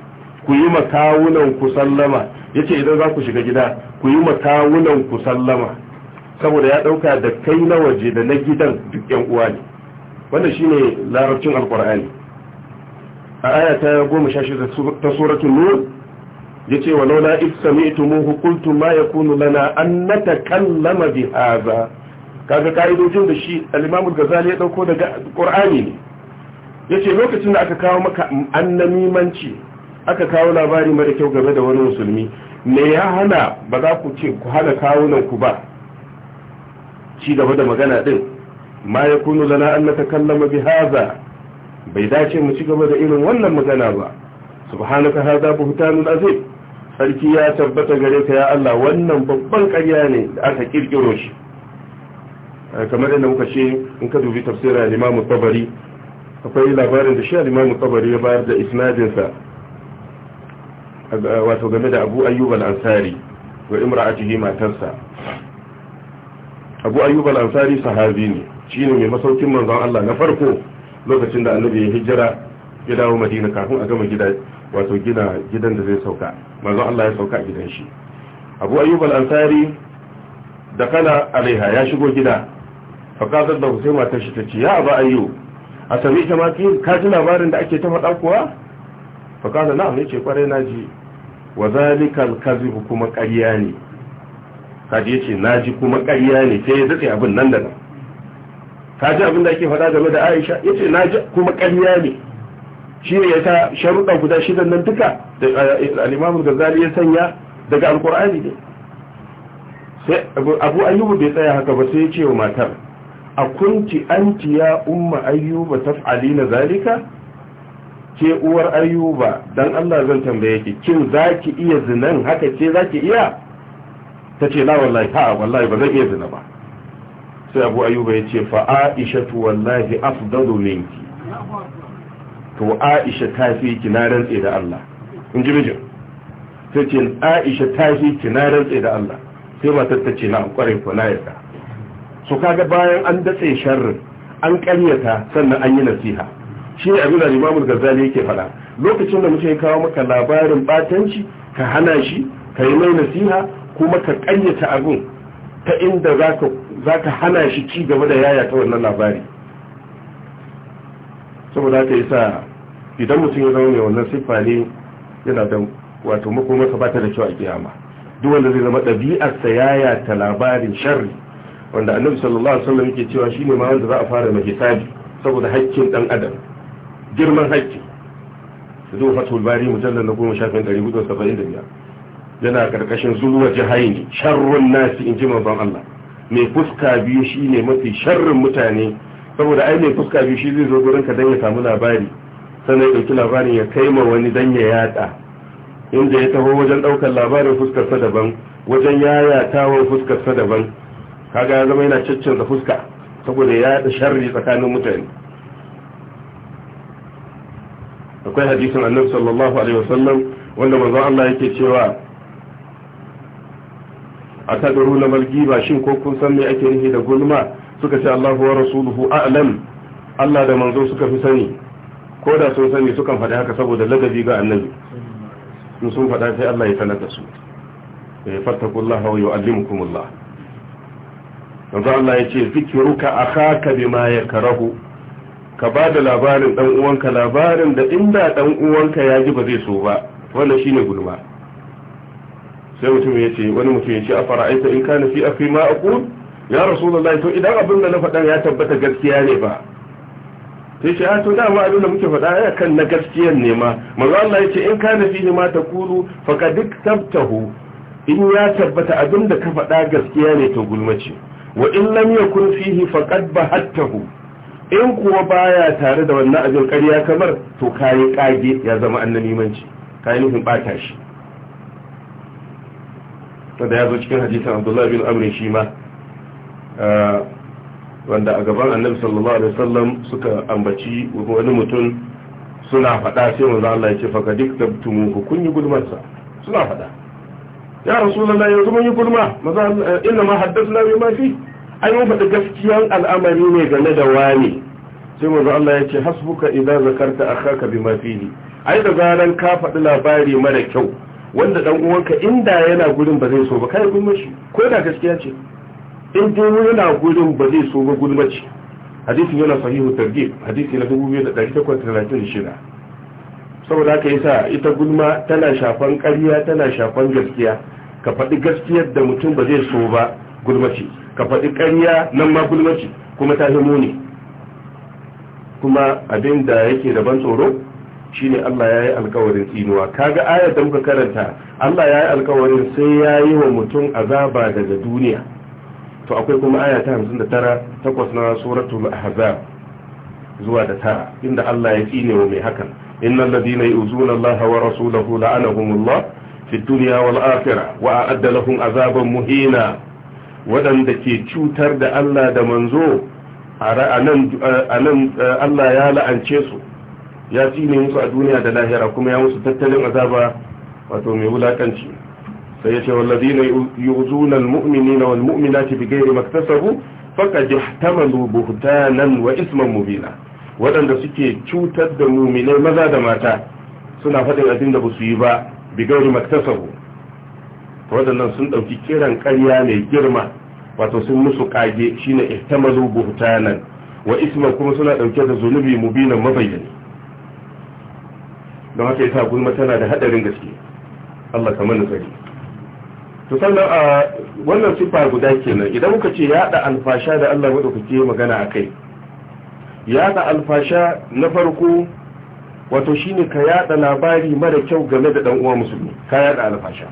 Speaker 2: ku yi makawunan ku sallama yace idan za ku shiga gida ku yi makawunan ku sallama saboda ya dauka da kai na waje da na gidan duk yan uwa ne wannan shine larabcin alkur'ani a aya ta goma sha shi ta suratun nur ce wa laula id mu hukuntun ma kunu lana an kallama bi kaga kaidojin da shi al gazali ya dauko daga Qur'ani ne ya ce lokacin da aka kawo maka annamimanci aka kawo labari mara kyau game da wani musulmi me ya hana ba za ku ce ku hana nan ku ba ci gaba da magana din ma kunu lana an kallama bi haza bai dace mu ci gaba da irin wannan magana ba subhanaka hadha buhtanul azim sarki ya tabbata gare ka ya Allah wannan babban ƙarya ne da aka kirkiro shi kamar yadda muka ce in ka dubi tafsirin Imam Tabari akwai labarin da shi Imam Tabari ya bayar da isnadin sa wato game da Abu Ayyub al-Ansari wa imra'atihi matarsa Abu Ayyub al-Ansari sahabi ne shine mai masaukin manzon Allah na farko lokacin da annabi ya hijira ya dawo madina kafin a gama gida wato gina gidan da zai sauka manzon Allah ya sauka a gidan shi abu ayyub al-ansari da kana alaiha ya shigo gida fakatar da sai matar shi ta ya abu ayyub a sami ta ma ka ji labarin da ake ta faɗa kuwa na na'am ne ce na ji wa zalikal kuma ƙarya ne kaji yace naji kuma ƙarya ne sai ya dace abin nan da nan ka ji abin da ake faɗa game da aisha ya ce na ji kuma ƙarya ne shi ne ya sa sharuɗa guda shidan nan duka da al'imamu gazali ya sanya daga alkur'ani ne sai abu ayyubu bai tsaya haka ba sai ya ce wa matar a kunti anti ya umma ayyuba taf'ali na zalika ke uwar ayyuba dan Allah zan tambaye ki kin zaki iya zinan haka ce zaki iya tace la wallahi ha wallahi ba zan iya zina ba sai abu ayuba ya ce fa aisha tu wallahi afdalu minki to aisha ta fi ki na da Allah in ji mijin sai ce aisha ta fi ki na da Allah sai matar ta ce na kwarai ko na yarda so kaga bayan an datse sharrin an karyata sannan an yi nasiha shi ne abin da Imam Ghazali yake faɗa lokacin da muke kawo maka labarin batanci ka hana shi ka yi mai nasiha kuma ka karyata abin ta inda za ka za ta hana shi ci gaba da yaya ta wannan labari saboda haka yasa idan mutum ya zama mai wannan siffa ne yana da wato makomarsa ba ta da kyau a kiyama duk wanda zai zama ɗabi'arsa yaya ta labarin sharri wanda annabi sallallahu alaihi wasallam yake cewa shine ma wanda za a fara mai hisabi saboda haƙƙin dan adam girman haƙƙi zuwa fatul bari mujallal na goma shafin ɗari hudu saba'in da biyar yana ƙarƙashin zuwa jihaini sharrun nasi in ji manzon Allah mai fuska biyu shine mafi sharrin mutane saboda ai mai fuska biyu shi zai zo gurin ka dan ya samu labari sannan ya ɗauki labarin ya kai ma wani dan ya yada inda ya taho wajen ɗaukar labarin fuskar sa daban wajen yayatawan fuskar sa daban kaga ya zama yana caccanza fuska saboda ya yada sharri tsakanin mutane akwai hadisin annabi sallallahu alaihi wasallam wanda manzo Allah yake cewa a taɗaru na malgiba shin ko kun san me ake nufi da gulma suka ce Allahu wa rasuluhu a'lam Allah da manzo suka fi sani ko da sun sani sukan faɗi haka saboda ladabi ga annabi in sun faɗa sai Allah ya sanar da su ya eh, fattakullaha wa yu'allimukumullah yanzu Allah ya ce zikiruka akhaka bima yakrahu ka ba da labarin dan uwanka labarin da inda dan uwanka ya ji ba zai so ba wannan shine gulma sai mutum ya ce wani mutum ya ce a aita in kana fi afi ma rasu ya rasulullahi to idan abin da na faɗa ya tabbata gaskiya ne ba sai ce ah, to dama abin da muke faɗa ya kan na gaskiyan ne ma manzo Allah ya ce in kana fihi ma ta ka duk tabtahu in ya tabbata abin da ka faɗa gaskiya ne to gulmace wa in lam yakun fihi faqad bahattahu in kuwa baya tare da wannan abin ƙarya kamar to kayi kage ya zama manci kayi nufin bata shi wanda ya zo cikin hadisin abdullahi bin amrin shi ma wanda a gaban annabi sallallahu alaihi wasallam suka ambaci wani mutum suna faɗa sai wanzu Allah ya ce fa duk da ku kun yi gulmarsa suna faɗa ya rasulullahi yanzu mun yi gulma maza inna ma haddathna na ma fi ai mun faɗi gaskiyan al'amari ne game da wani sai wanzu Allah ya ce hasbuka idan zakarta akhaka bi ma fihi ai da zaran ka faɗi labari mara kyau wanda dan uwanka inda yana gurin ba zai so ba kai gulma shi ko da gaskiya ce in dai yana gurin ba zai so ba gulma shi hadisin yana sahihu targhib hadisi na 2836 saboda haka yasa ita gulma tana shafan ƙarya tana shafan gaskiya ka faɗi gaskiyar da mutum ba zai so ba gulma shi ka faɗi ƙarya nan ma gulma shi kuma ta himo ne kuma abin da yake da ban tsoro shine Allah ya yi alkawarin tsinuwa kaga ayar da muka karanta Allah ya yi alkawarin sai ya yi wa mutum azaba daga duniya to akwai kuma aya ta hamsin da tara takwas na suratul ahzab zuwa da tara inda Allah ya tsine wa mai hakan innal ladina yu'zuna Allah wa rasulahu la'anahumullah fi dunya wal akhirah wa a'adda lahum azaban muhina wadanda ke cutar da Allah da manzo a nan Allah ya la'ance su ya tsine musu a duniya da lahira kuma ya musu tattalin azaba wato mai wulakanci sai ya ce wallazina yu'zuna almu'minina walmu'minati bighairi maktasabu faqad ihtamalu buhtanan wa isman mubina waɗanda suke cutar da muminai maza da mata suna faɗin abin da ba su yi ba bigari maktasabu waɗannan sun ɗauki kiran ƙarya mai girma wato sun musu ƙage shine ihtamalu buhtanan wa isman kuma suna ɗauke da zunubi mubinan mabayyani don haka yasa gulma tana da hadarin gaske Allah kamar na tsari to sannan a wannan sifa guda kenan idan muka ce ya da alfasha da Allah madaukake magana akai ya da alfasha na farko wato shine ka da labari mara kyau game da dan uwa musulmi ka da alfasha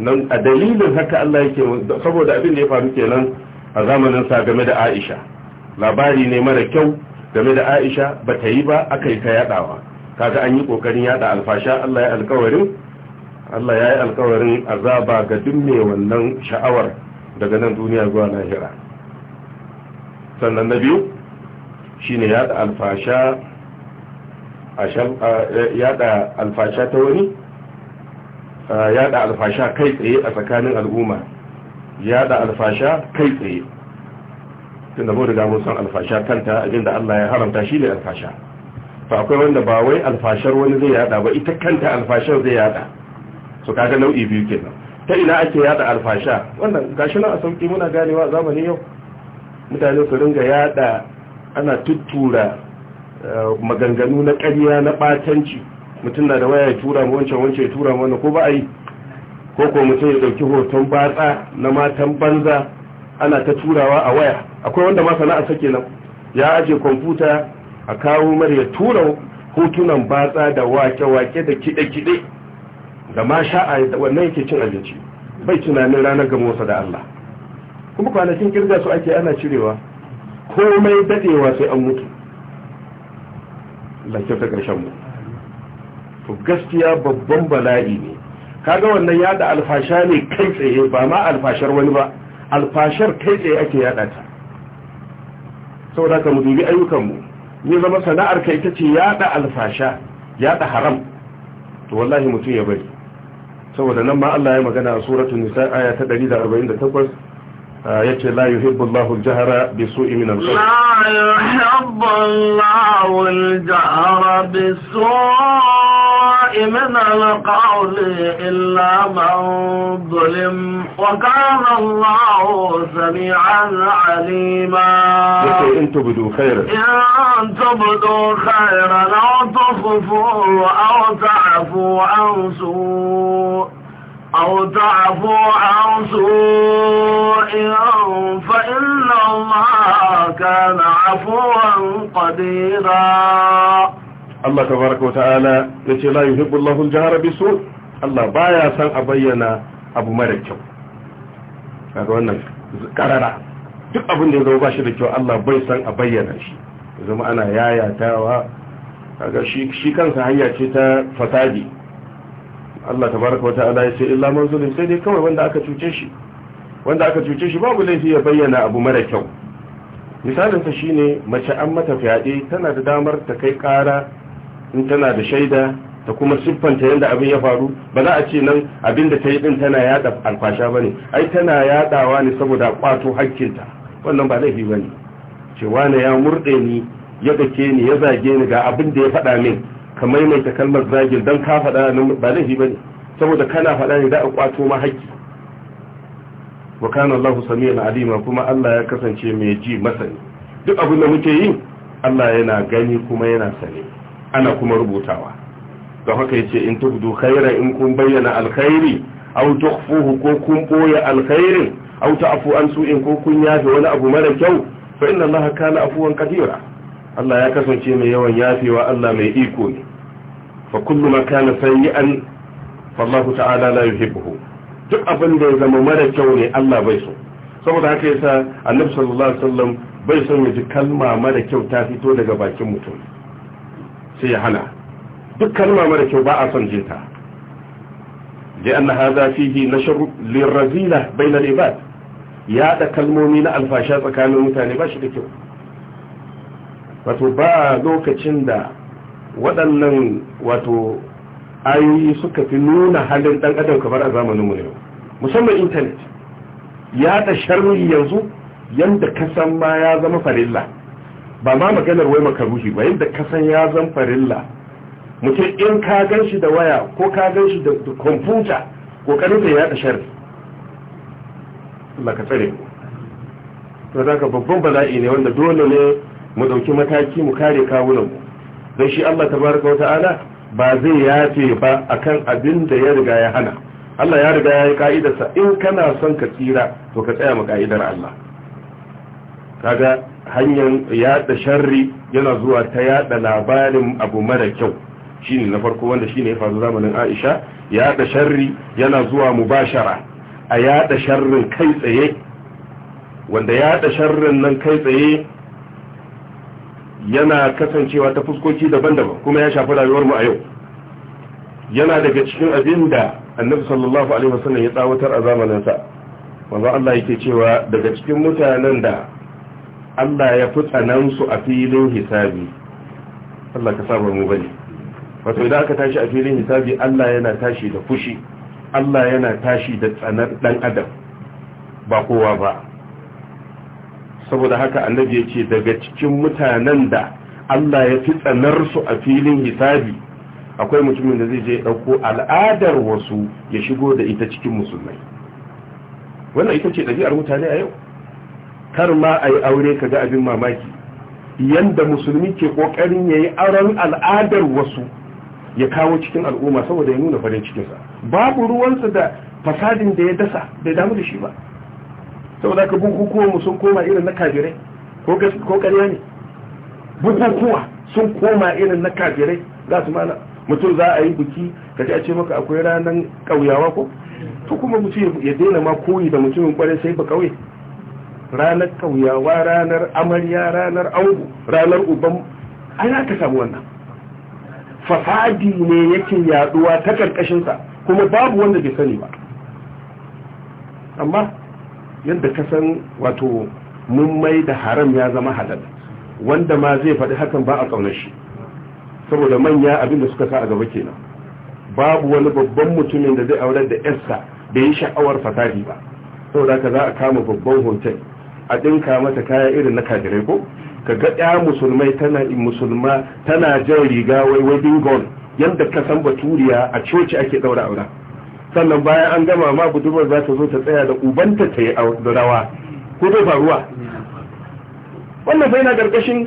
Speaker 2: nan a dalilin haka Allah yake saboda abin da ya faru kenan a zamanin sa game da Aisha labari ne mara kyau game da Aisha ba ta yi ba aka yi ta yadawa kaga an yi kokarin yada alfasha Allah ya alkawarin Allah ya yi alkawarin azaba ga duk mai wannan sha'awar daga nan duniya zuwa lahira sannan na biyu shine yada alfasha eh, yada alfasha ta wani yada alfasha kai tsaye a tsakanin al'umma yada alfasha kai tsaye tunda mu riga mun san alfasha kanta abinda Allah ya haramta shi ne alfasha to akwai wanda ba wai alfashar wani zai yada ba ita kanta alfashar zai yada su kaga nau'i biyu kenan ta ina ake yada alfasha wannan gashi nan a sauki muna ganewa zamanin yau mutane su ringa yada ana tuttura eh, maganganu na ƙarya na batanci mutum na da waya ya tura mu wancan wancan ya tura mu wani ko ba a yi ko ko mutum ya ɗauki hoton batsa na matan banza ana ta turawa a waya akwai wanda ma sana'a sake nan ya aje kwamfuta a kawo mar tura hotunan batsa da wake-wake da kide-kide da ma sha'a wannan yake cin abinci bai tunanin ranar gamosa da Allah kuma kwanakin kirga su ake ana cirewa komai dadewa sai an mutu lafiya ta ƙarshen mu to gaskiya babban bala'i ne kaga wannan yada alfasha ne kai tsaye ba ma alfashar wani ba alfashar kai tsaye ake yada ta saboda ka mu dubi ayyukan mu ya zama sana'ar kai ita ce yada alfasha yada haram to wallahi mutum ya bari saboda nan ma Allah ya magana a suratul nisa aya ta 148 yace la yuhibbu Allahu al-jahra bi su'i min al-qawl
Speaker 1: la yuhibbu Allahu al-jahra bi su'i من القول إلا من ظلم وكان الله سميعا عليما إن تبدو خيرا إن تبدو خيرا أو تخفوا أو تعفوا عن سوء أو تعفو عن سوء فإن الله كان عفوا قديرا
Speaker 2: Allah tabaraka wa ta'ala yace la yuhibbu Allahu al-jahra bisu Allah baya san a bayyana abu mara kyau kaga wannan karara duk abin da ya zama bashi da kyau Allah bai san a bayyana shi zama ana yayatawa kaga shi shi kansa hanya ce ta fasadi Allah tabaraka wa ta'ala yace illa man zulim sai dai kawai wanda aka cuce shi wanda aka cuce shi babu laifi ya bayyana abu mara kyau misalinsa shine mace an mata fyaɗe tana da damar ta kai ƙara in tana da shaida ta kuma siffanta yadda abin ya faru ba za a ce nan abin da ta yi din tana yada alfasha ba ne ai tana yadawa ne saboda kwato hakkinta wannan ba laifi ba ne cewa na ya murɗe ni ya dake ni ya zage ni ga abin da ya faɗa min ka maimaita kalmar zagin don ka faɗa nan ba laifi ba ne saboda kana faɗa ne za a kwato ma hakki wa kana Allah samiyan alima kuma Allah ya kasance mai ji masani duk abin da muke yi Allah yana gani kuma yana sani ana kuma rubutawa don haka yace in tubdu khaira in kun bayyana alkhairi aw tukhfuhu ko kun boye alkhairin aw ta'fu an su'in ko kun yafe wani abu mara kyau fa inna allaha kana afuwan kathira Allah ya kasance mai yawan yafewa Allah mai iko ne fa kullu ma kana sayyi'an Allah ta'ala la yuhibbuhu duk abin da ya zama mara kyau ne Allah bai so saboda haka yasa annabi sallallahu alaihi wasallam bai son ya ji kalma mara kyau ta fito daga bakin mutum sai ya hana duk kalma mara kyau ba a son jinta da an haza fihi nashr lirrazila bayna al-ibad ya da kalmomi na alfasha tsakanin mutane ba shi da kyau wato ba lokacin da waɗannan wato ayoyi suka fi nuna halin ɗan adam kamar a zamanin mu yau musamman intanet ya da sharri yanzu yadda kasan ma ya zama farilla ba ma maganar wai makaruhi ba yadda kasan ya zan farilla mutum in ka gan shi da waya ko ka gan shi da kwamfuta kokarin da ya da shari Allah ka tsare to da babban bala'i ne wanda dole ne mu dauki mataki mu kare kawunan mu dan shi Allah baraka wa ta'ala ba zai yafe ba akan abin da ya riga ya hana Allah ya riga ya yi ka'idarsa in kana son ka tsira to ka tsaya mu ka'idar Allah kaga hanyar yada sharri yana zuwa ta yada labarin abu mara kyau shine na farko wanda shine ya faru zamanin Aisha yada sharri yana zuwa mubashara a yada sharrin kai tsaye wanda yada sharrin nan kai tsaye yana kasancewa ta fuskoki daban-daban kuma ya shafi rayuwar mu a yau yana daga cikin abin da annabi sallallahu alaihi wasallam ya tsawatar a zamaninsa wanda Allah yake cewa daga cikin mutanen da Allah ya fi tsanansu a filin hisabi Allah ka saba mu bane wato idan aka tashi a filin hisabi Allah yana tashi da fushi Allah yana tashi da tsanar dan adam ba kowa ba saboda haka annabi ya ce daga cikin mutanen da Allah ya fi tsanarsu a filin hisabi akwai mutumin da zai je ɗauko al'adar wasu ya shigo da ita cikin musulmai wannan ita ce ɗabi'ar mutane a yau kar ma a yi aure kaga abin mamaki yadda musulmi ke kokarin ya yi auren al'adar wasu ya kawo cikin al'umma saboda ya nuna farin cikinsa babu ruwansa da fasadin da ya dasa bai damu da shi ba saboda ka mu sun koma irin na kafirai ko karya ne bukukuwa sun koma irin na kafirai za su mana mutum za a yi buki ka ji a ce maka akwai ranar ƙauyawa ko to kuma mutum ya daina ma koyi da mutumin kwarai sai ba kauye ranar kauyawa ranar amarya ranar ango ranar uban an ka samu wannan fasadi ne yake yaduwa ta karkashinsa kuma babu wanda bai sani ba amma yadda ka san wato mun da haram ya zama halal wanda ma zai faɗi hakan ba a ƙaunar shi saboda manya abinda suka sa a gaba kenan babu wani babban mutumin da zai aurar da yarsa da yi sha'awar fasadi ba saboda ka za a kama babban hotel a dinka mata kaya irin na kajirai ko ka ga ya musulmai tana musulma tana jan riga wai wedding gown yadda ka san baturiya a coci ake daura aura sannan bayan an gama ma budurwar za ta zo ta tsaya da ubanta ta yi rawa ko zai faruwa wannan sai na gargashin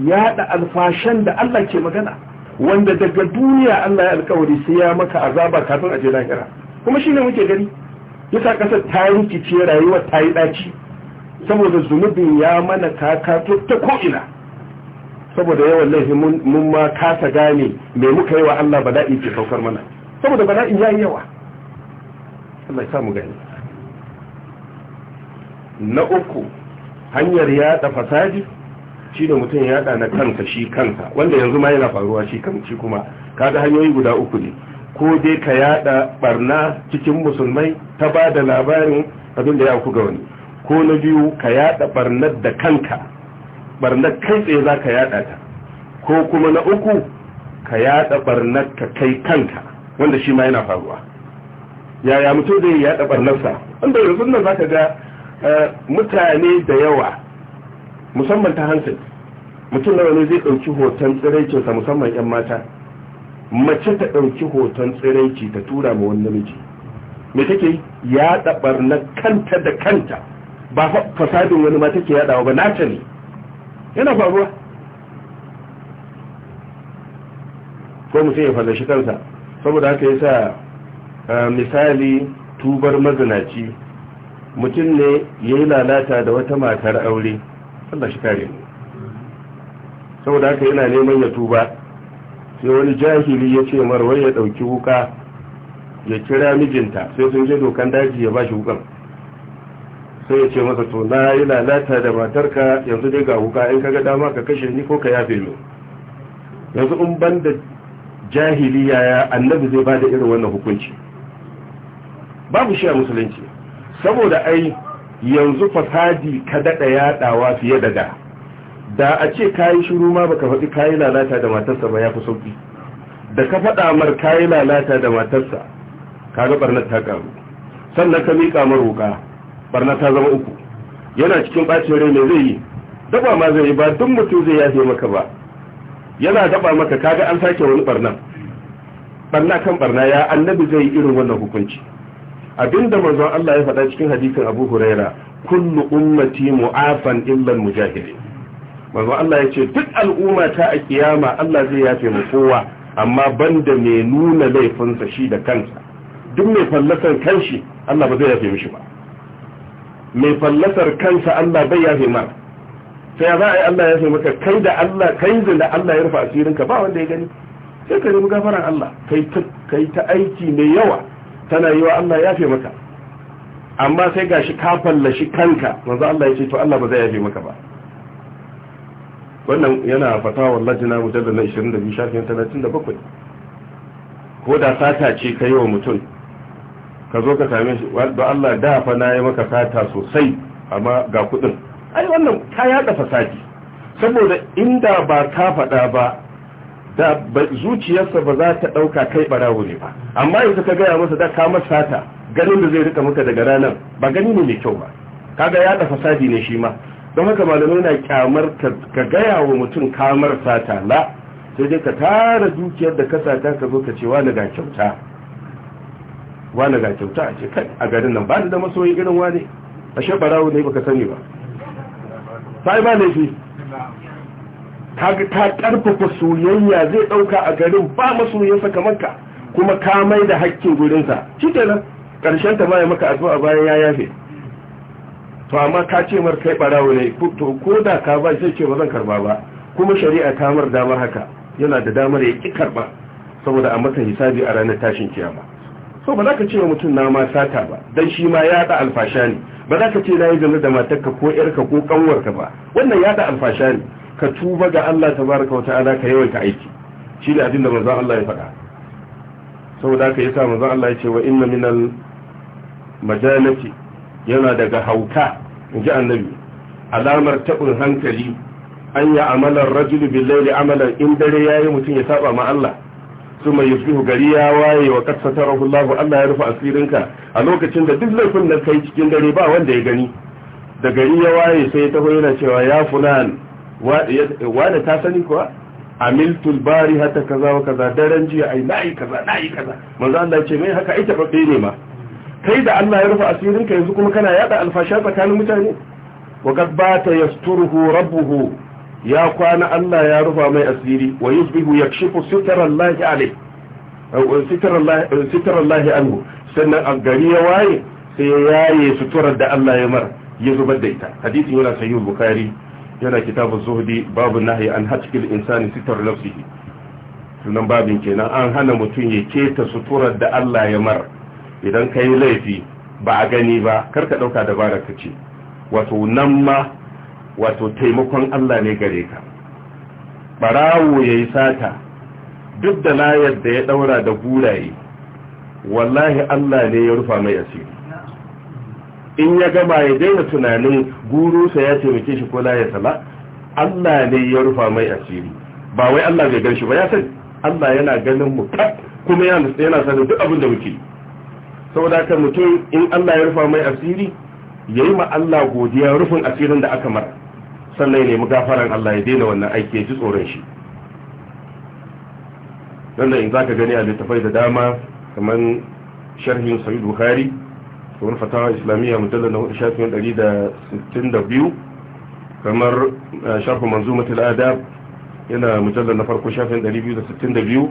Speaker 2: yaɗa alfashan da Allah ke magana wanda daga duniya Allah ya alkawari sai ya maka azaba kafin a je lahira kuma shine muke gani yasa kasar ta rikice rayuwar ta yi ɗaci saboda zunubin ya mana kakato ta ko'ina saboda yawan laifi mun ma kasa gane mai muka yi wa Allah bala'i ke saukar mana saboda bala'i ya yi yawa Allah ya samu gani na uku hanyar yaɗa fasadi shi da mutum ya na kansa shi kansa wanda yanzu ma yana faruwa shi kan shi kuma kaga hanyoyi guda uku ne ko dai ka yada barna cikin musulmai ta ba da labarin abin da ya ku ga wani ko na biyu ka yada barnar da kanka barnar kai tsaye za ka yada ta ko kuma na uku ka yada barnar ka kai kanka wanda shi ma yana faruwa yaya mutum zai yada barnarsa wanda yanzu nan za ka ga eh, mutane da yawa musamman ta hansin mutum nawa ne zai ɗauki hoton tsiraicinsa musamman 'yan mata mace ta ɗauki hoton tsiraici ta tura ma wani namiji me take ya ɗabar na kanta da kanta ba fasadin wani ma take yaɗawa ba nata ne yana faruwa ko mutum ya fallashi kansa saboda haka yasa misali tubar mazinaci mutum ne ya yi lalata da wata matar aure Allah shi kare mu saboda haka yana neman ya tuba sai wani jahili ya ce marwai ya ɗauki wuka ya kira mijinta sai sun je dokan daji ya ba shi wukan sai ya ce masa to na yi lalata da matarka yanzu dai ga wuka in kaga dama ka kashe ni ko ka yafe mu yanzu in ban da jahili yaya annabi zai ba da irin wannan hukunci babu shi a musulunci saboda ai yanzu fasadi ka daɗa yaɗawa fiye da da da a ce kayi shiru ma baka faɗi kayi lalata da matarsa ba ya fi sauki da ka faɗa mar kayi lalata da matarsa ka ga barnar ta karu sannan ka miƙa roƙa barna ta zama uku yana cikin ɓacin rai ne zai yi daba ma zai yi ba duk mutum zai yafe maka ba yana daba maka ka ga an sake wani barna barna kan barna ya annabi zai yi irin wannan hukunci abinda manzon Allah ya faɗa cikin hadisin Abu Huraira kullu ummati mu'afan illa mujahidin manzo Allah ya ce duk al'umma ta a kiyama Allah zai yafe mu kowa amma banda mai nuna laifinsa shi da kansa duk mai fallasar kanshi Allah ba zai yafe mishi ba mai fallasar kansa Allah bai yafe ma sai za a yi Allah ya yafe maka kai da Allah kai da Allah ya rufa asirinka ba wanda ya gani sai ka nemi gafaran Allah kai ta kai ta aiki mai yawa tana yi wa Allah yafe maka amma sai gashi ka fallashi kanka manzo Allah ya ce to Allah ba zai yafe maka ba wannan yana fatawar lajina mujallar na 22 shafin 37 ko da sata ce ka yi wa mutum ka zo ka same shi wadda Allah da fa na yi maka sata sosai amma ga kudin ai wannan ka yaɗa fasadi saboda inda ba ka faɗa ba da zuciyarsa ba za ta ɗauka kai ɓarawo ne ba amma yanzu ka gaya masa da ka sata ganin da zai rika muka daga ranar ba gani ne mai kyau ba kaga yaɗa fasadi ne shi ma don haka malamai na kyamar ka gaya wa mutum kamar sata la sai dai ka tara dukiyar da ka sata ka zo ka ce wani ga kyauta wani ga kyauta a ce kai a garin nan ba da masoyi irin wani a shabarawo ne baka sani ba sai ba laifi ta karfafa soyayya zai dauka a garin ba masoyinsa kamar ka kuma ka mai da hakkin gurinsa shi kenan karshen ta baya maka addu'a bayan ya yafe to amma ka ce mar kai barawo ne to ko da ka ba sai ce ba zan karba ba kuma shari'a ta mar damar haka yana da damar ya ki karba saboda a masa hisabi a ranar tashin kiyama so ba za ka ce wa mutum na ma sata ba dan shi ma ya da alfasha ne ba za ka ce na yi zama da matarka ko yarka ko kanwarka ba wannan ya da alfasha ne ka tuba ga Allah tabaraka wa ta'ala ka yawaita aiki shi da abin da manzon Allah ya faɗa saboda haka yasa manzon Allah ya ce wa inna minal majalati yana daga hauka ji annabi alamar taɓin hankali an yi amalar rajulu billaili amalar in dare ya yi mutum ya saba ma Allah su mai yusbihu gari ya waye wa kasa ta rahulahu Allah ya rufe asirinka a lokacin da duk laifin da kai cikin dare ba wanda ya gani da gari ya waye sai ya taho yana cewa ya fulan ta sani kuwa amiltul bari hatta kaza wa kaza daren jiya ai yi kaza yi kaza manzo Allah ya ce mai haka ai tabbe ne ma sai da Allah ya rufe asirinka yanzu kuma kana yada alfasha tsakanin mutane wa qad bata yasturuhu rabbuhu ya kwana Allah ya rufa mai asiri wa yusbihu yakshifu sitarallahi alayhi sitarallahi anhu sannan a gari ya waye sai ya yaye suturar da Allah ya mara ya zubar da ita hadisin yana sahih bukhari yana kitabu zuhdi babu nahyi an hatkil insani sitar nafsihi sunan babin kenan an hana mutum ya keta suturar da Allah ya mara idan ka yi laifi ba a gani ba kar ka ɗauka dabara ka ce wato nan ma wato taimakon Allah ne gare ka barawo ya yi sata duk da layar da ya ɗaura da buraye, wallahi Allah ne ya rufa mai asiri in ya gama ya daina tunanin gurusa ya taimake shi ko layar sala Allah ne ya rufa mai asiri ba wai Allah bai gan shi ba ya san Allah yana ganin mu kuma yana sanin duk abin da muke saboda ka mutum in Allah ya rufa mai asiri ya yi ma Allah godiya rufin asirin da aka mara sannan ya nemi gafaran Allah ya daina wannan aiki ya ji tsoron shi wannan in za ka gani a littafai da dama kamar sharhin sahih bukhari kamar fatawa islamiyya mujallal na shafin 162 kamar eh, sharh manzumatul adab yana mujallal na farko shafin 262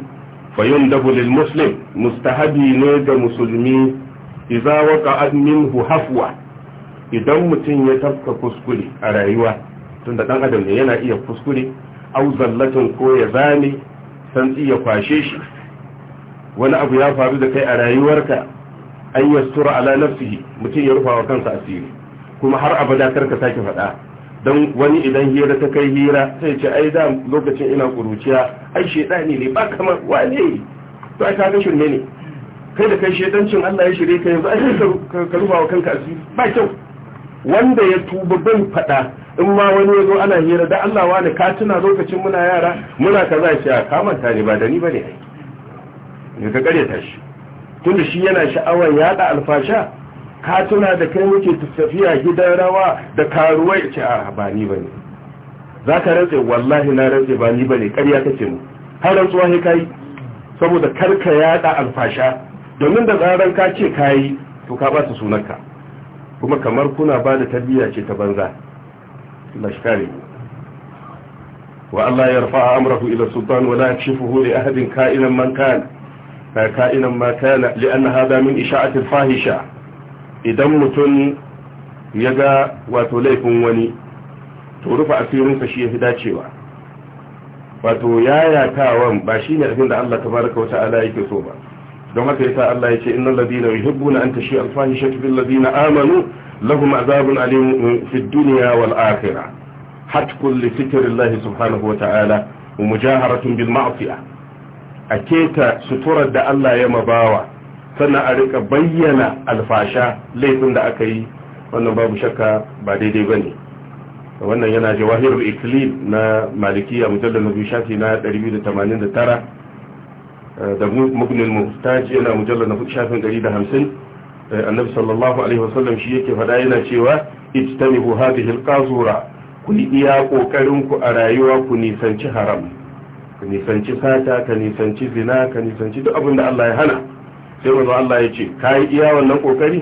Speaker 2: fayun dabu muslim mustahabi ne ga musulmi idza waqa'a minhu hafwa idan mutum ya tafka kuskure a rayuwa tunda dan adam ne yana iya kuskure au zallatin ko ya zame santsi ya kwashe shi wani abu ya faru da kai a rayuwarka an yastura ala nafsihi mutum ya rufa wa kansa asiri kuma har abada karka sake faɗa don wani idan hira ta kai hira sai ce ai da lokacin ina kuruciya ai shedani ne ba kamar wane to ai kaga shirme ne kai da kai shedancin Allah ya shirye ka yanzu ai ka rufa wa kanka asiri ba kyau wanda ya tuba bin fada in ma wani ya zo ana hira da Allah wani ka tuna lokacin muna yara muna kaza shi a kamanta ne ba da ni bane ai ne ka kare ta shi tunda shi yana sha'awar yada alfasha ka tuna da kai muke tafiya gidan rawa da karuwai ce a ah, ba ni bane za ka rantse wallahi na rantse ba ni bane ƙarya kace mu har rantsuwa he kai saboda kar ka yada alfasha domin da zaran ka ce ka yi, to ka ba su sunanka kuma kamar kuna ba da tarbiyya ce ta banza Lashkari shi wa Allah ya rafa amrahu ila sultan wa la yakshifuhu li ahadin ka'inan man kana ka'inan ma kana li anna hada min isha'ati al-fahisha idan mutum ya ga wato laifin wani to rufe asirinsa shi ya fi dacewa wato yayatawan ba shi ne abin da Allah tabaraka wa ta'ala yake so ba don haka yasa Allah ya ce innal ladina yuhibbuna an tashi al-fahishatu bil ladina amanu lahum azabun alim fid dunya wal akhirah hatkul li subhanahu wa ta'ala wa mujaharatun bil ma'siyah aketa suturar da Allah ya mabawa sannan a rinka bayyana alfasha laifin da aka yi wannan babu shakka ba daidai ba ne wannan yana jawahirul iklil na malikiya mujallar na shafi na 289 da mugnin muhtaji yana mujallar na shafin 150 annabi sallallahu alaihi wasallam shi yake fada yana cewa ijtanibu hadhihi alqazura ku yi iya kokarin ku a rayuwa ku nisanci haram ka nisanci sata ka nisanci zina ka nisanci duk abin da Allah ya hana sai wanzu Allah ya ce ka yi iya wannan kokari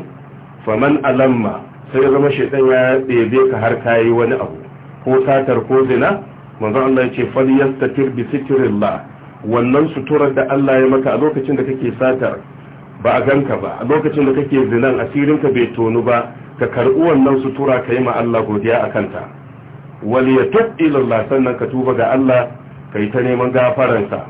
Speaker 2: faman alamma sai ya zama shaitan ya ɗebe ka har ka yi wani abu ko satar ko zina wanzu Allah ya ce fal yastatir bi sitrillah wannan suturar da Allah ya maka a lokacin da kake satar ba a ganka ba a lokacin da kake zinan asirin ka bai tonu ba ka karɓi wannan sutura ka yi ma Allah godiya a kanta wal ya ila sannan ka tuba ga Allah ka yi ta neman gafaransa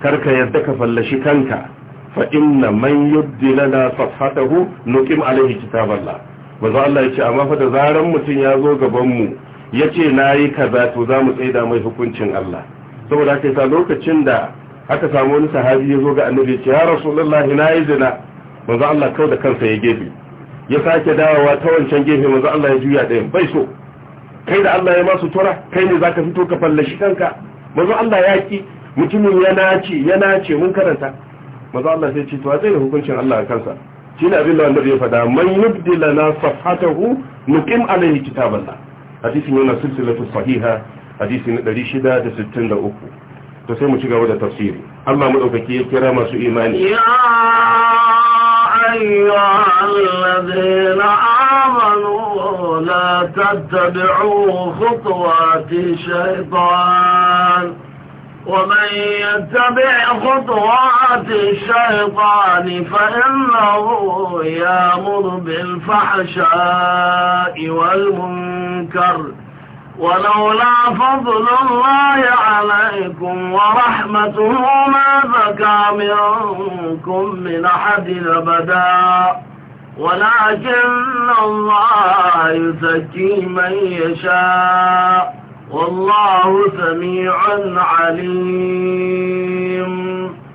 Speaker 2: kar ka yadda ka fallashi kanka fa inna man yubdi lana safhatahu nuqim alaihi kitaballah manzo Allah yace amma fa da zaran mutun ya zo gaban mu yace nayi kaza to zamu mu tsaida mai hukuncin Allah saboda haka yasa lokacin da aka samu wani sahabi ya zo ga annabi ya rasulullahi nayi zina manzo Allah kawai da kansa ya gefe ya sake dawowa ta wancan gefe manzo Allah ya juya ɗayan bai so kai da Allah ya ma kai ne zaka fito ka fallashi kanka manzo Allah ya ki mutumin ya nace ce mun karanta maza Allah sai ce to zai da hukuncin Allah a kansa shi ne abin da wanda ya faɗa man yubdi lana safhatahu nuqim alaihi kitaballah hadisin yana silsilatu sahiha hadisi na 663 to sai mu ci gaba da tafsiri Allah mu madaukaki ya kira masu imani ya
Speaker 1: ayyuhallazina amanu la tattabi'u khutuwati shaytan ومن يتبع خطوات الشيطان فإنه يامر بالفحشاء والمنكر ولولا فضل الله عليكم ورحمته ما زكى منكم من أحد أبدا ولكن الله يزكي من يشاء والله سميع عليم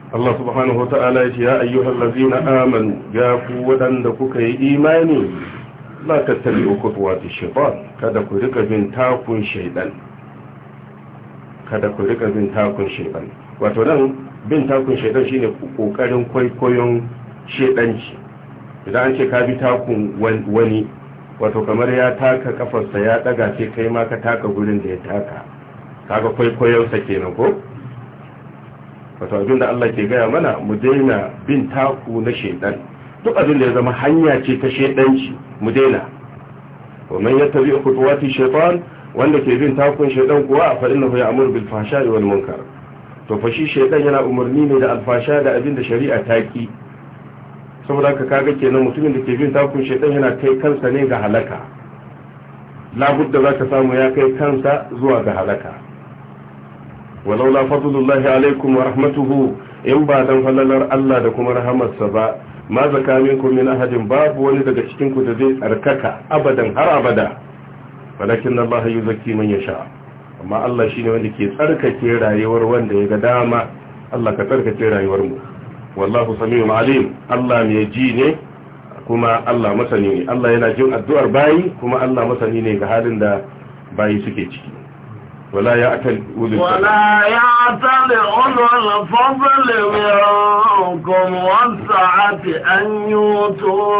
Speaker 2: Allah subhanahu wata'ala ya ce ya ayyuhal na amanu ya fi waɗanda kuka yi imani la tattabi ukutuwati shaytan kada ku rika bin takun shaidan, kada ku bin wato nan bin takun shaytan shine kokarin kwaikwayon shaidanci. idan an ce ka bi takun wani wato kamar ya taka kafarsa ya daga ce kai ma ka taka gurin da ya taka kaga kwaikwayonsa kenan ko wato abin da Allah ke gaya mana mu daina bin taku na shedan duk abin da ya zama hanya ce ta shedanci mu daina to man yattabi khutuwati shaytan wanda ke bin takun shedan kuwa fa innahu ya'mur bil fahsha'i wal munkar to fa shi shedan yana umarni ne da alfasha da abin da shari'a ta ki saboda ka kaga kenan mutumin da ke bin takun shaidan yana kai kansa ne ga halaka labudda za ka samu ya kai kansa zuwa ga halaka walau la fadlullahi alaikum wa rahmatuhu in ba dan falalar Allah da kuma rahamarsa ba ma zaka minkum min ahadin babu wani daga cikin ku da zai tsarkaka abadan har abada walakin Allah yuzakki man yasha amma Allah shine wanda ke tsarkake rayuwar wanda ya ga dama Allah ka tsarkake rayuwar mu wallahu samiyun alim Allah mai ji ne kuma Allah masani ne Allah yana jin addu'ar bayi kuma Allah masani ne ga halin da bayi suke ciki ولا يعتل أولو ولا
Speaker 1: يعتل أولو الفضل منكم والسعة أن يوتوا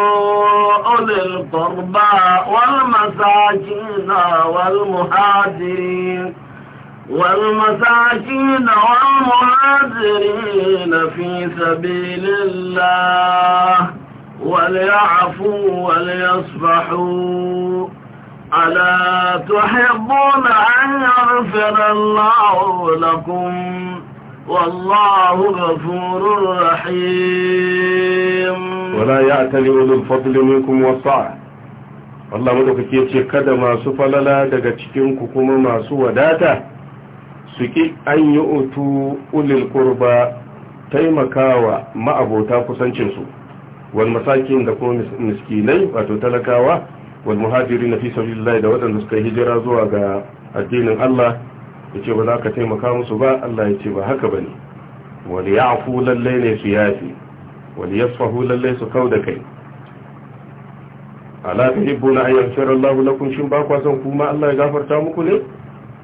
Speaker 1: أولي القربى والمساكين والمهاجرين والمساكين والمهاجرين في سبيل الله وليعفوا وليصفحوا ألا تحبون أن يغفر الله لكم والله غفور رحيم
Speaker 2: ولا يأتل أولو الفضل منكم والطاعة Allah madaukake ce ما سفل لا daga cikin كما ما سوى داته su ƙi an yi otu ulil kurba taimakawa ma'abota kusancinsu wal masakin da kuma miskinai wato talakawa wal muhajiri na fi sabilillahi da waɗanda suka hijira zuwa ga addinin Allah ya ce ba za ka taimaka musu ba Allah ya ce ba haka ba ne wani ya afu lallai ne su yafi wani ya fahu lallai su kau da kai ala ta hibbu na ayyar shirar lahu lakun shin ba kwasan kuma Allah ya gafarta muku ne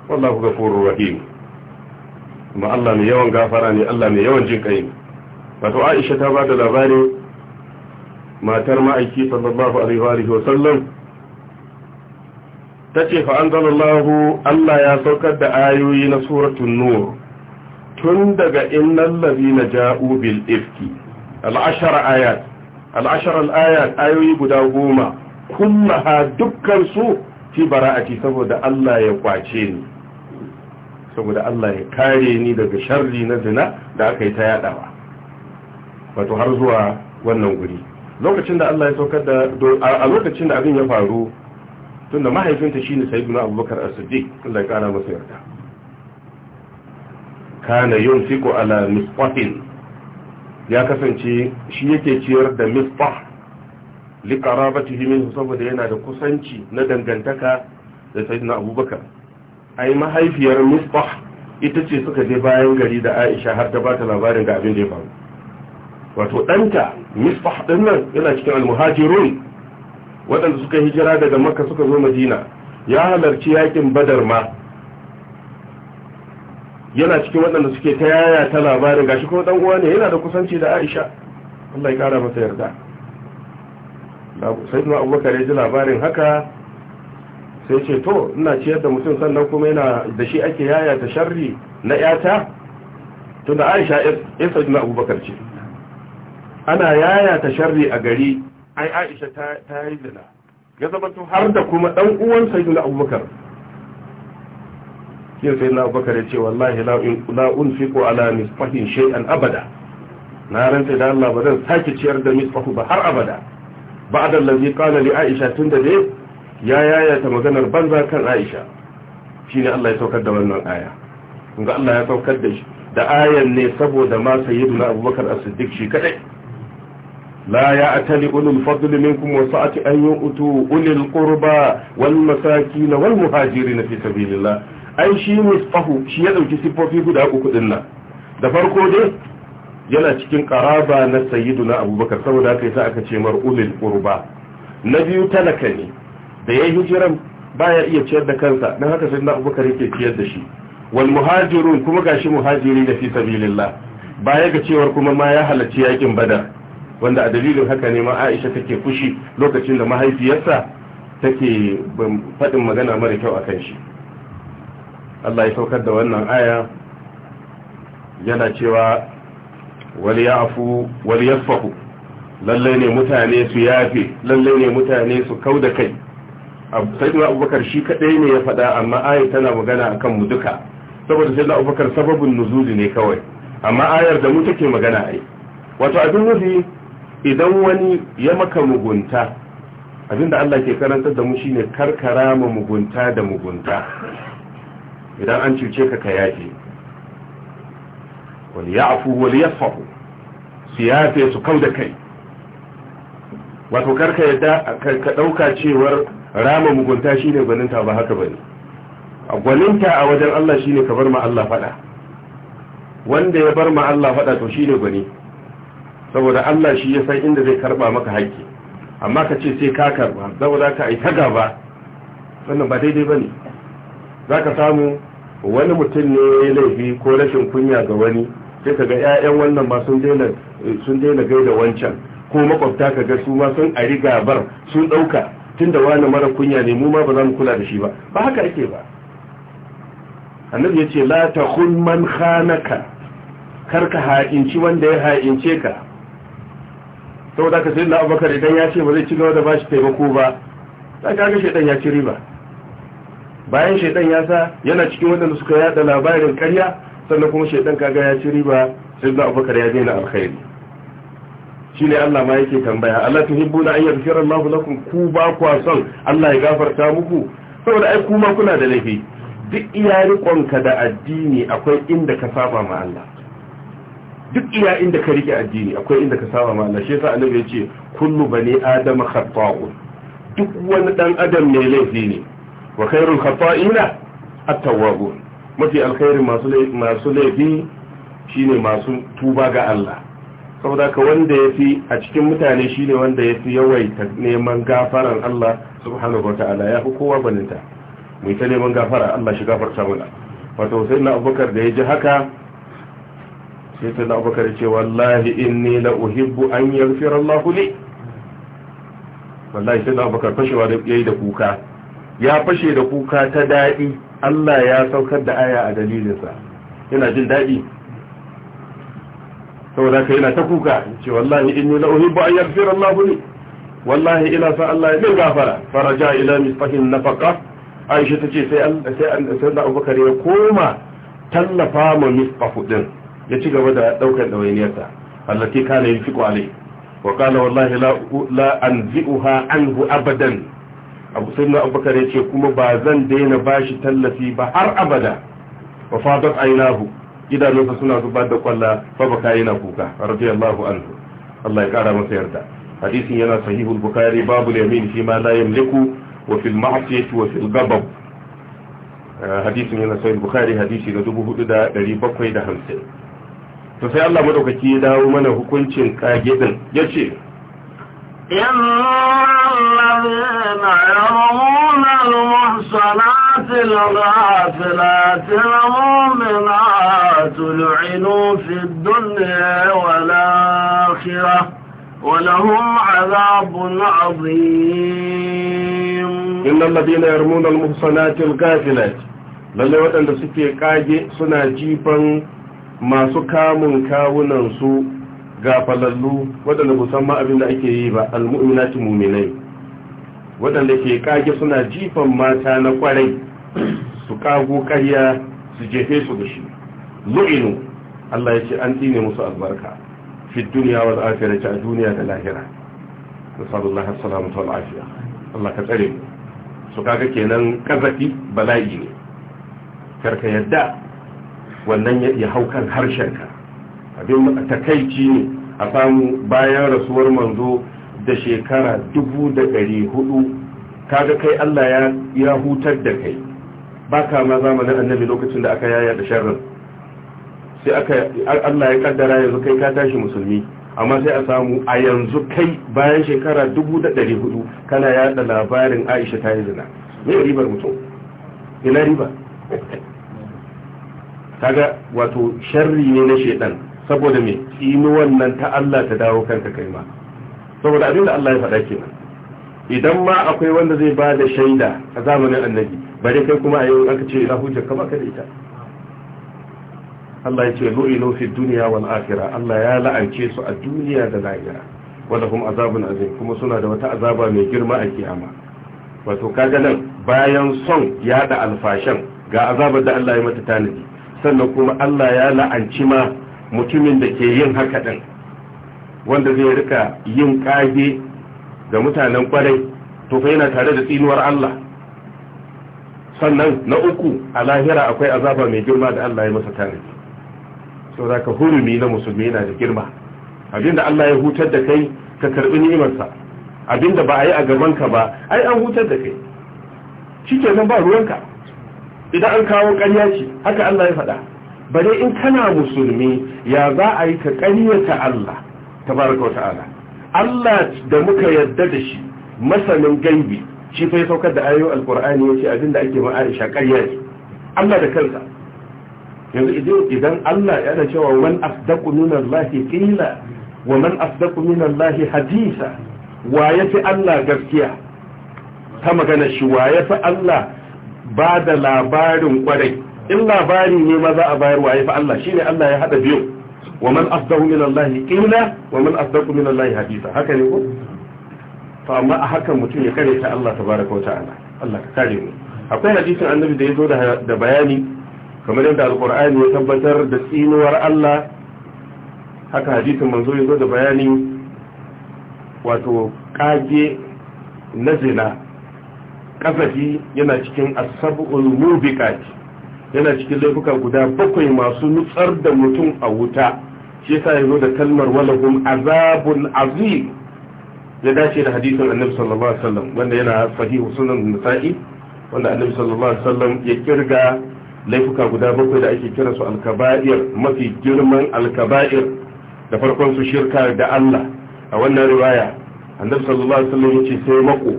Speaker 2: wallahu gafurur rahim kuma Allah mai yawan gafara ne Allah mai yawan jin kai wato Aisha ta ba da labari matar ma'aiki sallallahu alaihi wa sallam tace fa anzalallahu Allah ya saukar da ayoyi na suratul nur tun daga innal ladina ja'u bil ifki al ayat al ayat ayoyi guda goma kullaha dukkan su fi bara'ati saboda Allah ya kwace ni saboda Allah ya kare ni daga sharri na zina da aka yi ta yadawa wato har zuwa wannan guri lokacin da Allah ya saukar da a lokacin da abin ya faru tunda mahaifinta shine sayyidina Abubakar As-Siddiq Allah ya kara masa yarda kana yunfiqu ala misqatin ya kasance shi yake ciyar da misqah li qarabatihi minhu saboda yana da kusanci na dangantaka da sayyidina Abubakar ai mahaifiyar misbah ita ce suka je bayan gari da aisha har ta bata labarin ga abin da ya faru wato ɗanta misbah ɗin nan yana cikin almuhajirun waɗanda suka hijira daga makka suka zo madina ya halarci yakin badar ma yana cikin waɗanda suke ta yaya ta labarin gashi kuma ɗan uwa ne yana da kusanci da aisha Allah ya kara masa yarda sai kuma abubakar ya ji labarin haka sai ce to ina ciyar da mutum sannan kuma yana da shi ake yaya ta sharri na yata to da aisha isa na abubakar ce ana yaya ta sharri a gari ai aisha ta yi zina ya zama to har da kuma dan uwan sayyidina abubakar sai sayyidina abubakar ya ce wallahi la unfiqu ala misfahin shay'an abada na ranta da Allah ba zan sake ciyar da misfahu ba har abada ba'da allazi qala li aisha tunda dai ya yayata maganar banza kan aisha shi ne allah ya saukar da wannan aya ga allah ya saukar da shi da ayan ne saboda ma sayidu na abubakar asiddiq shi kadai la ya atali ulul fadli minkum wa sa'ati an yu'tu ulil qurba wal masakin wal muhajirin fi sabilillah ai shi tsahu shi ya dauki sifofi guda uku din nan da farko dai yana cikin qaraba na sayyiduna abubakar saboda haka sai aka ce mar ulul qurba na biyu talaka ne da ya yi hijiran baya iya ciyar da kansa don haka sai na abubakar yake ciyar da shi wal muhajirun kuma gashi muhajiri da fi sabilillah baya ga cewar kuma ma ya halarci yakin badar wanda a dalilin haka ne ma aisha take fushi lokacin da mahaifiyarsa take faɗin magana mara kyau a shi Allah ya saukar da wannan aya yana cewa wal ya'fu wal yasfahu lalle ne mutane su yafe lalle ne mutane su kauda kai sayyidina abubakar shi kadai ne ya faɗa amma ayar tana magana akan mu duka saboda sayyidina abubakar sababin nuzuli ne kawai amma ayar da mu take magana ai wato abin nufi idan wani ya maka mugunta abinda Allah ke karantar da mu shine karkara ma mugunta da mugunta idan an cuce ka ka yafe wal ya'fu wal yasfahu su yafe su kauda kai wato karka yadda ka dauka cewar rama mugunta shine gwaninta ba haka bane gwaninta a wajen Allah shine ka bar ma Allah fada wanda ya bar ma Allah fada to shine gwani saboda Allah shi ya san inda zai karba maka hakki amma ka ce sai ka karba saboda ka ai gaba wannan ba daidai bane zaka samu wani mutum ne ya laifi ko rashin kunya ga wani sai ka ga 'ya'yan wannan ba sun daina sun daina gaida wancan ko makwabta ka ga su ma sun ari gabar sun ɗauka tunda wani mara kunya ne mu ma ba za mu kula da shi ba ba haka ake ba annabi yace la takhun man khanaka karka ha'inci wanda ya ha'ince ka saboda ka Allah abubakar idan ya ce ba zai ci gaba da bashi taimako ba sai ga shedan ya ci riba bayan shedan ya sa yana cikin wadanda suka yada labarin ƙarya sannan kuma shedan kaga ya ci riba sai Allah abubakar ya daina alkhairi shine Allah ma yake tambaya Allah ta na an fira Allahu lakum ku ba kwa son Allah ya gafarta muku saboda ai kuma kuna da laifi duk iya ka da addini akwai inda ka saba ma Allah duk iya inda ka rike addini akwai inda ka saba ma Allah shi yasa annabi yace kullu bani adama khata'un duk wani dan adam mai laifi ne wa khairul khata'ina at-tawwabun mafi alkhairin masu laifi shine masu tuba ga Allah saboda ka wanda ya fi a cikin mutane shi ne wanda ya fi yawaita neman gafaran Allah subhanahu ta'ala ya fi kowa baninta mai ta neman gafara Allah shi gafar mana wato sai na abubakar da ya ji haka sai ta na abubakar ce wallahi inni la uhibbu an yaghfira Allah li wallahi sai na abubakar fashewa da yayi da kuka ya fashe da kuka ta dadi Allah ya saukar da aya a dalilinsa yana jin dadi saboda ka yana ta kuka ce wallahi inni la uhibbu an yaghfira Allahu li wallahi ina sa Allah ya min gafara faraja ila misfahin nafaqa Aisha tace sai sai sai da Abubakar ya koma tallafa ma misfahu ɗin ya ci gaba da daukar ka na yi fi alai wa kala wallahi la la an anhu abadan Abu Sayyidina Abubakar ya ce kuma ba zan daina bashi tallafi ba har abada wa fadat ainahu idanunsa suna zubar da kwalla babu baka yana kuka radiyallahu anhu Allah ya kara masa yarda hadisin yana sahihul bukhari babu yamin fi ma la yamliku wa fil ma'siyati wa fil ghadab eh, hadisin yana sahihul bukhari hadisi da 4750 to sai Allah madaukaki ya dawo mana hukuncin kage yace
Speaker 1: إن الذين يرمون المحصنات الغافلات المؤمنات لعنوا في الدنيا والآخرة ولهم عذاب عظيم
Speaker 2: إن الذين يرمون المحصنات الغافلات lallai waɗanda suke kage suna jifan masu kamun kawunansu ga falallu waɗanda musamman abin da ake yi ba almu'minatu muminai waɗanda ke kage suna jifan mata na kwarai su kago karya su jefe su da shi lu'inu Allah ya ce an tsine musu albarka fi duniya wal akhirati a duniya da lahira nasallallahu alaihi wasallam wal Allah ka tsare mu su kaga kenan kazafi bala'i ne karka yadda wannan ya haukan harshenka abin takaici ne a samu bayan rasuwar manzo da shekara dubu da ɗari hudu kaga kai Allah ya hutar da kai ba ka ma zamanin annabi lokacin da aka yaya da sharrin sai aka Allah ya kaddara yanzu kai ka tashi musulmi amma sai a samu a yanzu kai bayan shekara dubu da ɗari hudu kana yada labarin Aisha ta yi zina me ribar mutum ina riba kaga wato sharri ne na shedan saboda me inuwan wannan ta Allah ta dawo kanka kai ma saboda abinda Allah ya faɗa kenan idan ma akwai wanda zai ba da shaida a zamanin annabi bare kai kuma a yau aka ce ila hujja kama ka da ita Allah ya ce lu'inu fi dunya wal akhirah Allah ya la'ance su a duniya da lahira wanda kuma azabun azim kuma suna da wata azaba mai girma a kiyama wato kaga nan bayan son ya da alfashan ga azabar da Allah ya mata tanadi sannan kuma Allah ya la'anci ma mutumin da ke yin haka ɗin wanda zai rika yin ƙage ga mutanen ƙwarai to fa yana tare da tsinuwar Allah sannan na uku a lahira akwai azaba mai girma da Allah ya masa tare so da ka hurumi na musulmi yana da girma abinda Allah ya hutar da kai ka karbi ni'imarsa abinda ba a yi a gaban ka ba ai an hutar da kai nan ba ruwanka idan an kawo ƙarya ce haka Allah ya faɗa bare in kana musulmi ya za a yi ka ƙaryata Allah tabaraka ta'ala Allah da muka yarda da shi masanin gaibi shi fa ya saukar da ayoyin alkur'ani yace abinda ake ma Aisha ƙarya ne Allah da kansa yanzu idan Allah ya cewa man asdaqu min Allah qila wa man asdaqu min Allah hadisa wa yafi Allah gaskiya ta magana shi wa yafi Allah ba da labarin kwarai in labari ne ma za a bayar waye fa Allah shine Allah ya hada biyu wa man asdahu min Allah qila wa man asdaqu min Allah hadisa haka ne ko to amma a hakan mutum ya kare ta Allah tabaraka wa ta'ala Allah ka kare mu akwai hadisin annabi da ya zo da bayani kamar yadda alkur'ani ya tabbatar da tsinuwar Allah haka hadisin manzo ya zo da bayani wato kage na zina kafafi yana cikin asabul mubiqati yana cikin laifuka guda bakwai masu nutsar da mutum a wuta shi yasa ya zo da kalmar walahum azabun azim ya dace da hadisin annabi sallallahu alaihi wasallam wanda yana sahihu sunan nasa'i wanda annabi sallallahu alaihi wasallam ya kirga laifuka guda bakwai da ake kira su alkaba'ir mafi girman alkaba'ir da farkon su shirka da Allah a wannan riwaya annabi sallallahu alaihi wasallam ce sai mako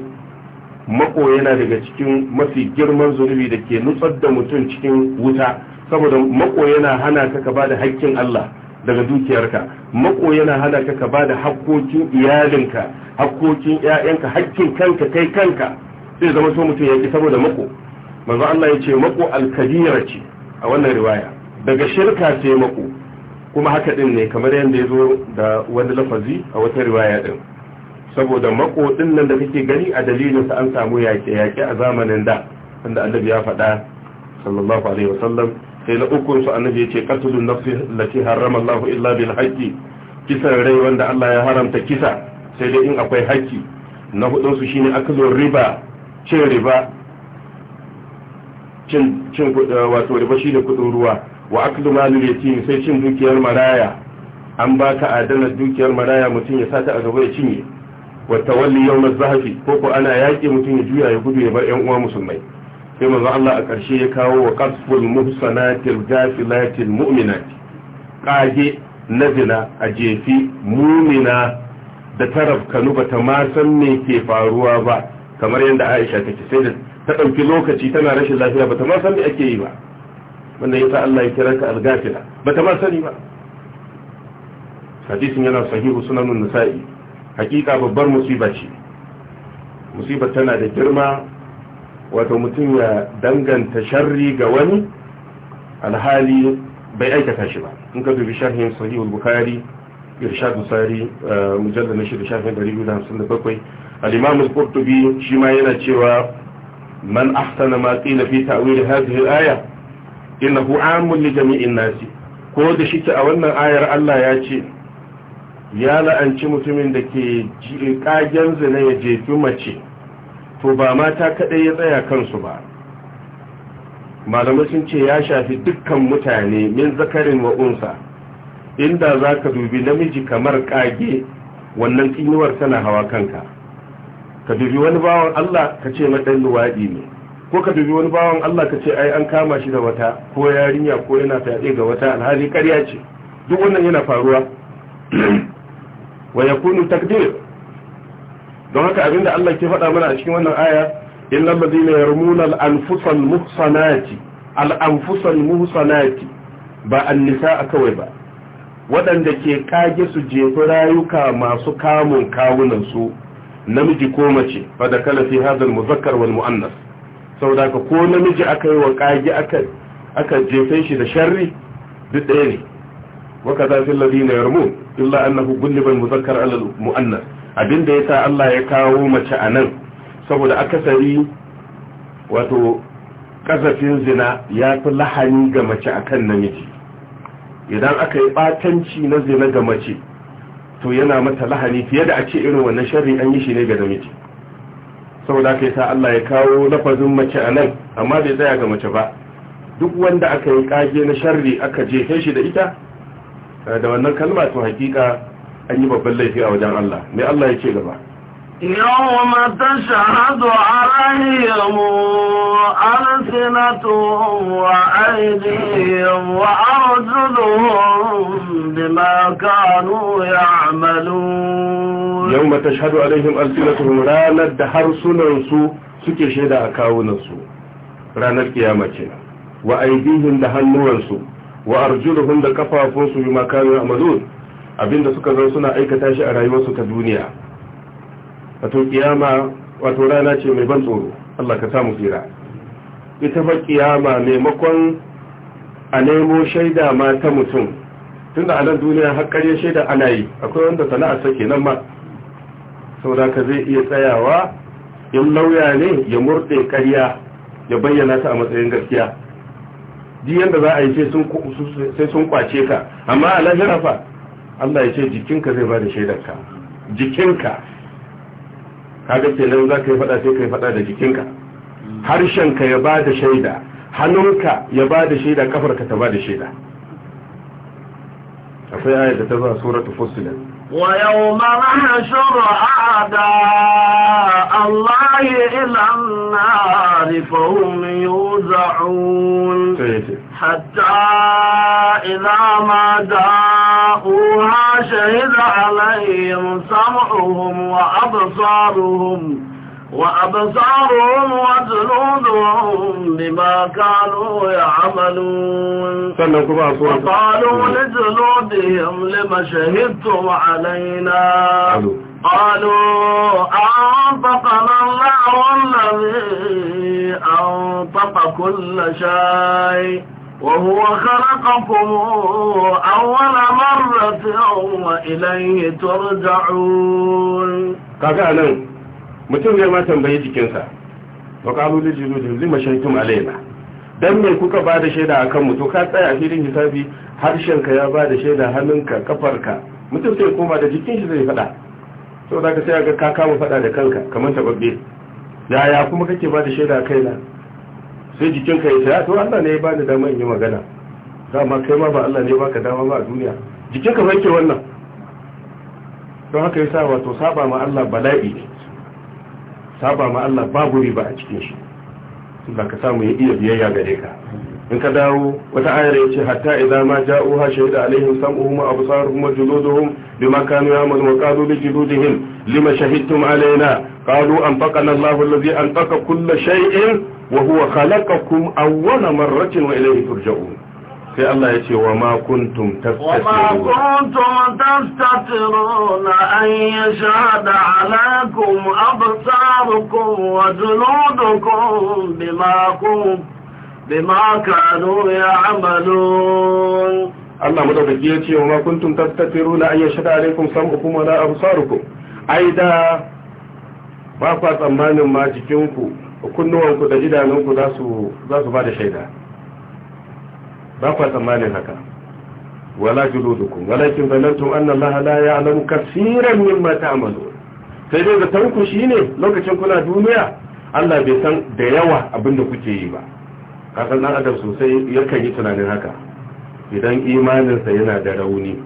Speaker 2: mako yana daga cikin mafi girman zunubi da ke nutsar da mutum cikin wuta saboda mako yana hana ka ka bada haƙƙin Allah daga dukiyarka mako yana hana ka ka bada haƙƙoƙin iyalinka hakkokin ƴaƴanka haƙƙin kanka kai kanka sai zama so mutum ya ki saboda mako manzo Allah ya ce mako alkabira ce a wannan riwaya daga shirka sai mako kuma haka din ne kamar yadda ya zo da wani lafazi a wata riwaya din saboda makoɗin nan da kake gani a dalilinsa an samu yaƙe-yaƙe a zamanin da wanda annabi ya faɗa sallallahu alaihi wasallam sai na ukun su annabi ya ce qatlun nafsi lati harrama Allah illa bil haqqi kisa rai wanda Allah ya haramta kisa sai dai in akwai haƙƙi na hudun su shine akazon riba cin riba cin cin wato riba shine kudin ruwa wa aklu malul yatim sai cin dukiyar maraya an baka adalar dukiyar maraya mutum ya sata a gaba ya cinye wa tawalli yawm az ko ko ana yaki mutum ya juya ya gudu ya bar yan uwa musulmai sai manzo Allah a ƙarshe ya kawo wa qasful muhsanatil ghafilatil mu'minat kage na a jefi mumina da taraf kanu bata ma san me ke faruwa ba kamar yadda Aisha take sai da ta ɗauki lokaci tana rashin lafiya bata ma san me ake yi ba wanda yasa Allah ya kira ka al-ghafila bata ma sani ba hadisin yana sahihu sunanun nisa'i hakika babbar musiba ce musibar tana da girma wato mutum ya danganta sharri ga wani alhali bai aikata shi ba in ka dubi sharhin sahihul bukhari irshad musari eh, mujallal na shida da hamsin da bakwai al-qurtubi shi ma yana cewa man ahsana ma qila fi ta'wil hadhihi al-aya innahu amun li jami'in nasi ko da shi a wannan ayar Allah ya ce ya la'anci mutumin da ke ƙagen zina ya jefi mace to ba mata kaɗai ya tsaya kansu ba malamai sun ce ya shafi dukkan mutane min zakarin wa unsa inda za ka dubi namiji kamar ƙage, wannan tsinuwar tana hawa kanka ka dubi wani bawan Allah ka ce maɗan luwaɗi ne ko ka dubi wani bawan Allah ka ce ai an kama shi da wata ko yarinya ko yana fyaɗe ga wata alhali ƙarya ce duk wannan yana faruwa wa yakunu takdir don haka abinda Allah ke faɗa mana a cikin wannan aya illal ladina yarmuna al-anfusal muhsanati al-anfusal muhsanati ba an-nisa kawai ba waɗanda ke kage su jefi rayuka masu kamun kawunan su namiji ko mace fa da kala fi hadal muzakkar wal muannas saboda ko namiji aka yi wa kage aka aka jefe shi da sharri duk ɗaya ne وكذا yarmu الذين يرمون إلا أنه قلب المذكر على المؤنث أبين ديتا الله يكاو مشأنا saboda akasari wato kasafin zina ya fi lahani ga mace akan namiji idan aka yi batanci na zina ga mace to yana mata lahani fiye da a ce irin wannan sharri an yi shi ne ga namiji saboda aka yi sa Allah ya kawo lafazin mace a nan amma bai tsaya ga mace ba duk wanda aka yi kage na sharri aka kai shi da ita da wannan kalma to hakika an yi babban laifi a wajen Allah mai Allah ya ce gaba
Speaker 1: yawma tashhadu alayhim alsinatuhum wa aydihim wa arjuluhum bima kanu ya'malun
Speaker 2: yawma tashhadu alayhim alsinatuhum ranar da harsunansu suke shaida a kawunan ranar kiyama ce wa aydihim da hannuwan wa arjuluhum da kafafunsu bi makanu amalun abinda suka zo suna aikata shi a rayuwarsu ta duniya wato kiyama wato rana ce mai ban tsoro Allah ka samu tsira ita fa kiyama maimakon a nemo shaida ma ta mutum tunda a nan duniya har ƙarya shaida ana yi akwai wanda sana'a ke nan ma saboda ka zai iya tsayawa in lauya ne ya murɗe ƙarya ya bayyana ta a matsayin gaskiya duk yanda za a yi sai sun kwace ka amma a lahira fa Allah ya ce jikinka zai ba da shaidarka jikinka kaga nan za ka yi fada sai ka yi fada da jikinka harshenka ya ba da shaida hannunka ya ba da shaida kafarka ta ba da shaida akwai ayat ta zo a suratul fussilat
Speaker 1: ويوم نحشر أعداء الله إلى النار فهم يوزعون حتى إذا ما داؤوها شهد عليهم سمعهم وأبصارهم وأبصارهم وجنودهم بما كانوا يعملون وقالوا لجنودهم لما شهدتم علينا قالوا أنطقنا الله الذي أنطق كل شيء وهو خلقكم أول مرة وإليه
Speaker 2: ترجعون mutum zai ma tambayi jikinsa kalu da jiru da zima shahidtum alaina don me kuka ba da shaida akan mu to ka tsaya a filin hisabi harshenka ya ba da shaida hannunka kafarka mutum sai koma da jikin shi zai faɗa sau da ka sai ga ka kama faɗa da kanka kamar tababbe ya kuma kake ba da shaida kai na sai jikinka ya tsaya to Allah ne ya ba da dama in yi magana dama kai ma ba Allah ne baka dama ba a duniya jikinka ba ke wannan don haka ya sa wato saba ma Allah bala'i ne saba ma Allah babu riba a cikin shi ba ka samu ya iya biyayya gare ka in ka dawo wata ayar yace hatta idza ma ja'uha shahida alaihim sam'uhum wa absaruhum wa juluduhum bima kanu ya'malu wa qalu li juludihim lima shahidtum alaina qalu anfaqana Allahu alladhi anfaqa kull shay'in wa huwa khalaqakum awwala marratin wa ilayhi turja'un sai Allah ya ce wa ma kuntum tastatiruna
Speaker 1: an yashada alaikum absarukum wa juludukum bima kum bima kanu ya'malun
Speaker 2: Allah madaukaki ya ce wa ma kuntum tastatiruna an yashada alaikum sam'ukum wa absarukum aida ba kwa tsammanin ma jikinku kunnuwanku da idanunku za su ba da shaida ba kwa tsammanin haka wala juludukum walakin zanantum anna Allah la ya'lamu kaseeran mimma ta'malun sai dai da tanku shine lokacin kuna duniya Allah bai san da yawa abin da kuke yi ba kasan dan adam sosai yakan yi tunanin haka idan imaninsa yana da rauni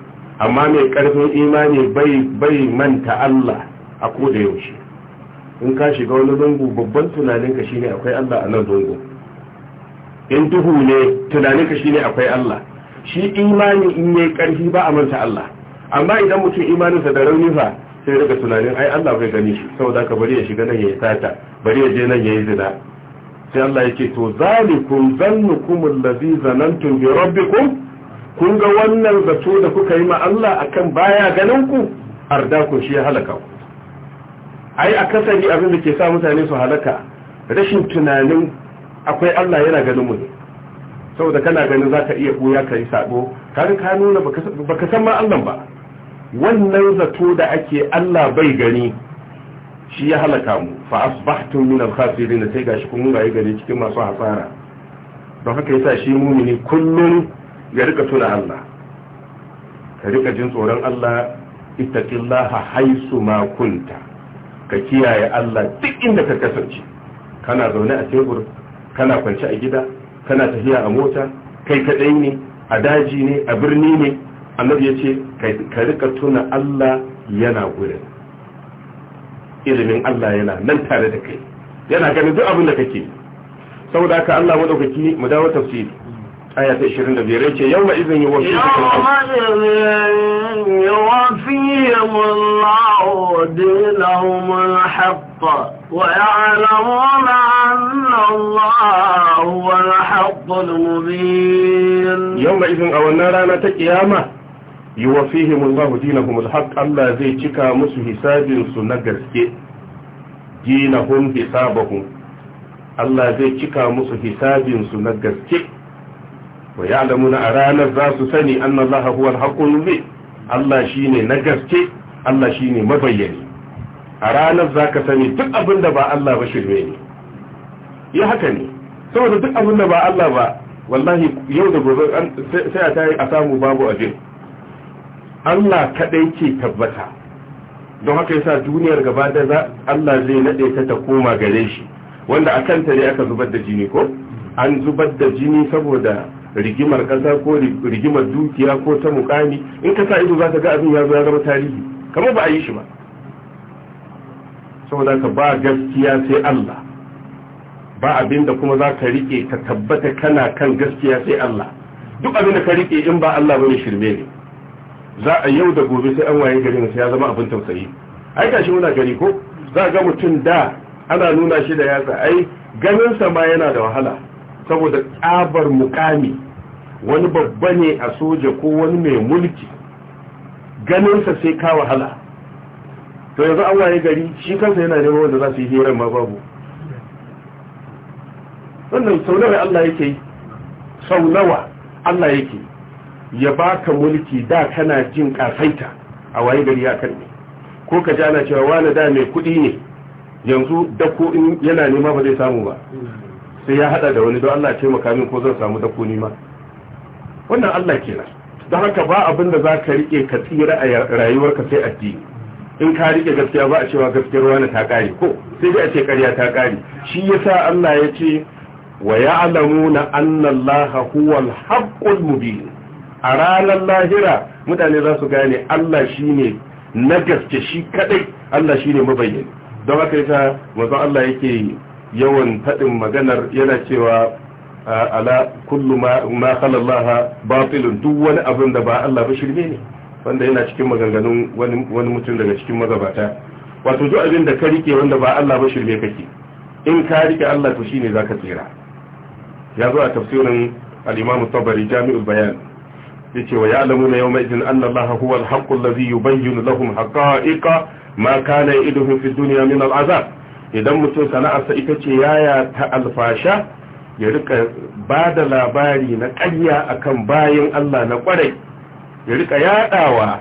Speaker 2: amma mai karfin imani bai bai manta Allah a koda yaushe in ka shiga wani zango babban tunanin tunaninka shine akwai Allah a nan zango in duhu ne ka shine akwai Allah shi imani in yayi karfi ba a manta Allah amma idan mutum imaninsa da rauni fa sai daga tunanin ai Allah bai gani shi saboda ka bari ya shiga nan yayi tata bari ya je nan yayi zina sai Allah yake to zalikum zannukum allazi zanantum bi rabbikum kun ga wannan zato da kuka yi ma Allah akan baya ganin ku arda ku shi ya halaka ku ai akasari abin da ke sa mutane su halaka rashin tunanin akwai Allah yana ganin mu saboda kana ganin zaka iya ka kai sabo kaga ka nuna baka san ma Allah ba wannan zato da ake Allah bai gani shi ya halaka mu fa asbahtu min al-khasirin sai gashi kun rayu gari cikin masu hasara don haka yasa shi mumini kullum ya rika tuna Allah ka rika jin tsoron Allah ittaqillaha haisu ma kunta ka kiyaye Allah duk inda ka kasance kana zaune a tebur kana kwance a gida kana tafiya a mota kai kadai ne a daji ne a birni ne annabi ya ce ka rika tuna Allah yana gurin ilimin Allah yana nan tare da kai yana ganin duk abin da kake saboda haka Allah madaukaki mu dawo tafsiri aya ta 25 yace yawma idzin
Speaker 1: yuwaffi Allahu dinahum al-haqq wa ya'lamu المبين يوم
Speaker 2: إذن أولنا رانا تكياما يوفيهم الله دينهم الحق الله زي تكا مسو حساب سنقر دينهم حسابهم الله زي تكا مسو حساب سنقر ويعلمون أرانا الزاس سني أن الله هو الحق المبين Allah shi ne na gaske Allah shi ne mabayyani a ranar za ka sani duk abin da ba Allah ba shirme ne ya haka ne saboda duk abin da ba Allah ba wallahi yau da gobe sai a tayi a samu babu abin Allah kadai ke tabbata don haka yasa duniyar gaba da za Allah zai nade ta ta koma gare shi wanda a kanta ne aka zubar da jini ko an zubar da jini saboda rigimar kasa ko rigimar dukiya ko ta mukami in ka sa ido za ka ga abin ya zo ya zama tarihi kamar ba a yi shi ba saboda ka ba gaskiya sai Allah ba abin da kuma za ka rike ka tabbata kana kan gaskiya sai Allah duk abin da ka rike in ba Allah bane shirme ne za a yau da gobe sai an waye gari sai ya zama abin tausayi ai gashi muna gari ko za ga mutum da ana nuna shi da yatsa ai ganin sa ma yana da wahala saboda tsabar mukami wani babba ne a soja ko wani mai mulki ganin sa sai ka wahala to yanzu an waye gari shi kansa yana neman wanda za su yi hirar ma babu wannan sau nawa Allah yake yi sau nawa Allah yake ya baka mulki da kana jin kasaita a waye gari ya ko ka ji ana cewa wani da mai kuɗi ne yanzu ko in yana nema ba zai samu ba sai ya hada da wani don Allah ce makamin ko zan samu dako nima wannan Allah kenan don haka ba abin da za ka rike ka tsira a rayuwarka sai addini in ka rike gaskiya ba a cewa gaskiyar wani ta kare ko sai dai a ce karya ta kare shi yasa Allah ya ce wa ya'lamuna anna allaha huwal haqqul mubin a ranar lahira mutane za su gane Allah shine na gaske shi kaɗai Allah shine mabayyani don haka yasa manzo Allah yake yawan fadin maganar yana cewa ala kullu ma ma khalallaha duk wani da ba Allah ba shirme ne wanda yana cikin maganganun wani mutum daga cikin magabata wato duk abin da ka rike wanda ba Allah ba shirme kake in ka rike Allah to shine zaka tsira ya zo a tafsirin al tabari jami'ul bayan ce wa yau mai jin anna allaha huwa al-haqqu yi yubayyinu lahum haqa'iqa ma yi ya'iduhum fi duniya min al idan mutum sana'arsa ita ce yaya ta alfasha ya rika ba da labari na ƙarya akan bayan Allah na ƙwarai ya rika yaɗawa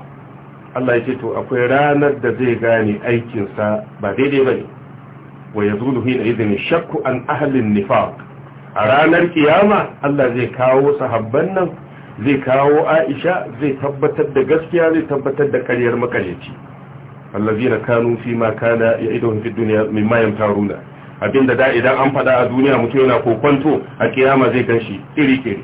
Speaker 2: Allah ya ce to akwai ranar da zai gane aikinsa ba daidai ba ne wa ya zuru na izini shakku an ahalin nifaq a ranar kiyama Allah zai kawo sahabban nan zai kawo Aisha zai tabbatar da gaskiya zai tabbatar da ƙaryar makaryaci allazina kanu fi ma kana ya'iduhum fi dunya mimma yamtaruna abinda da idan an fada a duniya mutum yana kokonto a kiyama zai ganshi iri-iri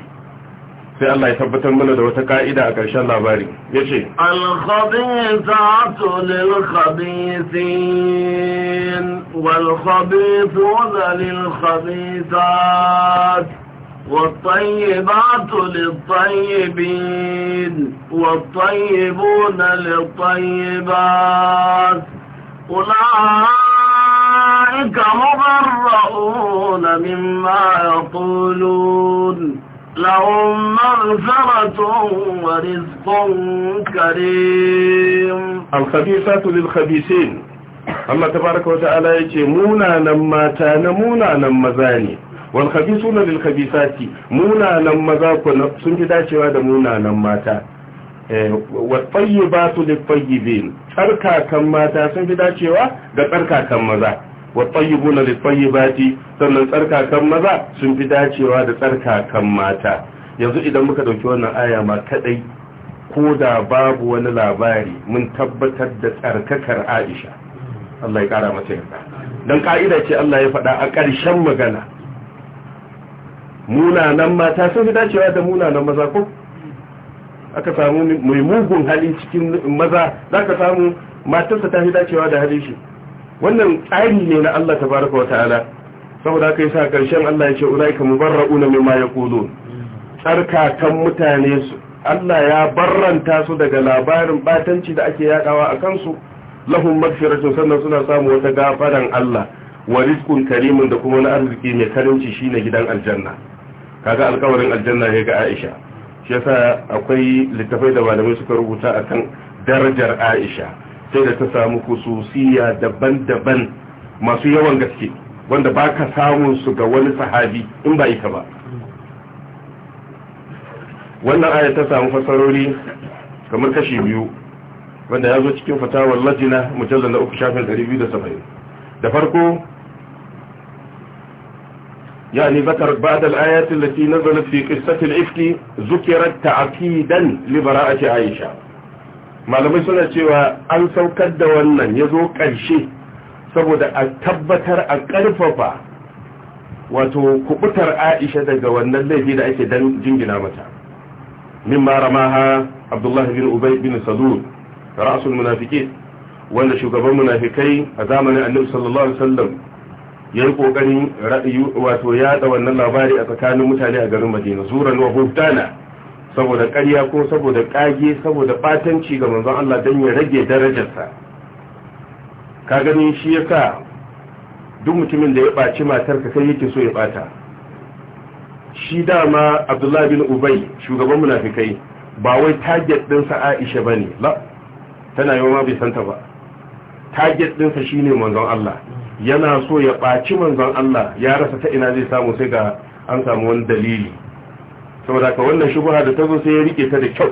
Speaker 2: sai Allah ya tabbatar mana da wata ka'ida a ƙarshen labari ya ce
Speaker 1: alkhabisatu lilkhabisin walkhabisuna lilkhabisat والطيبات للطيبين والطيبون للطيبات أولئك مبرؤون مما يقولون لهم مغفرة ورزق كريم
Speaker 2: الخبيثات للخبيثين Allah tabaraka wa ta'ala yace munanan mata na munanan maza ne wal khabisuna lil khabisati munanan maza ko sun fi dacewa da munanan mata eh wa tayyibatu lit tayyibin tsarkakan mata sun fi dacewa da tsarkakan maza wa tayyibuna li tayyibati sannan tsarkakan maza sun fi dacewa da tsarkakan mata yanzu idan muka dauki wannan aya ma kadai ko da babu wani labari mun tabbatar da tsarkakar Aisha Allah ya kara mata yarda dan ka'ida ce Allah ya faɗa a ƙarshen magana munanan mata sun fi dacewa da munanan maza ko aka samu mai mugun hali cikin maza za ka samu matarsa ta fi dacewa da hali shi wannan tsari ne na Allah ta wata wata'ala saboda yi sa karshen Allah ya ce ulaika mubarra'una mimma yaqulun tsarkakan mutane su Allah ya barranta su daga labarin batanci da ake yadawa a kansu lahum maghfiratun sannan suna samu wata gafaran Allah wa rizqun karimun da kuma na arziki mai karinci shine gidan aljanna kaga alƙawarin aljanna ne ga Aisha shi yasa akwai littafai da malamai suka rubuta akan darajar Aisha sai da ta samu kususiya daban-daban masu yawan gaske wanda ba ka samun su ga wani sahabi in ba ita ba wannan aya ta samu fasarori kamar kashi biyu wanda ya zo cikin fatawar lajina mujallar na uku shafin 270 da farko يعني ذكر بعد الآيات التي نزلت في قصة العفك libara a ce aisha. malamai suna cewa an saukar da wannan ya zo ƙarshe saboda a tabbatar a ƙarfafa wato kubutar aisha daga wannan laifi da ake dan jingina mata min maramaha abdullahi bin ubai bin salul ra'sul munafiqin wanda shugaban munafikai a zamanin annabi sallallahu alaihi wasallam yayi kokarin ra'ayi wato ya da wannan labari a tsakanin mutane a garin Madina zuran wa huftana saboda ƙarya ko saboda ƙage saboda ɓatanci ga manzon Allah don ya rage darajarsa ka gani shi ya sa duk mutumin da ya ɓaci ka kai yake so ya ɓata shi dama abdullah bin ubai shugaban munafikai ba wai target sa aisha ba ne la tana yi ma bai santa ba target sa shine manzon Allah yana so ya ɓaci manzon Allah ya rasa ta ina zai samu sai ga an samu wani dalili saboda ka wannan shubuha da ta zo sai ya rike ta da kyau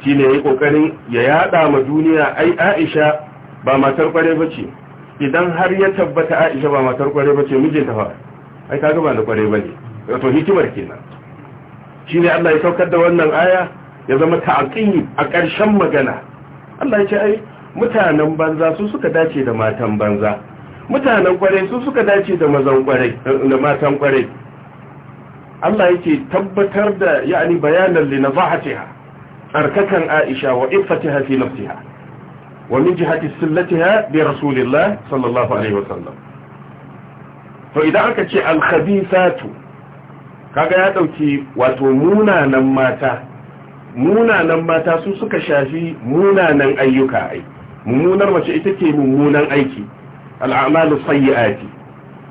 Speaker 2: shi ne ya yi ƙoƙarin ya yada ma duniya ai aisha ba matar kware ba ce idan har ya tabbata aisha ba matar kware ba ce mijin ta ai ka gaba da kware ba ne wato hikimar kenan shi ne allah ya saukar da wannan aya ya zama ta'aƙini a ƙarshen magana allah ya ce ai mutanen banza su suka dace da matan banza mutanen ƙwarai su suka dace da mazan da matan ƙwarai. Allah yake tabbatar da yani bayanan li nazahatiha arkakan Aisha wa iffatiha fi nafsiha wa min jihati sillatiha bi rasulillah sallallahu alaihi sallam. to idan aka ce al khabithatu kaga ya dauki wato munanan mata munanan mata su suka shafi munanan ayyuka ai mummunar mace ita ke mummunan aiki al a'malu sayyi'ati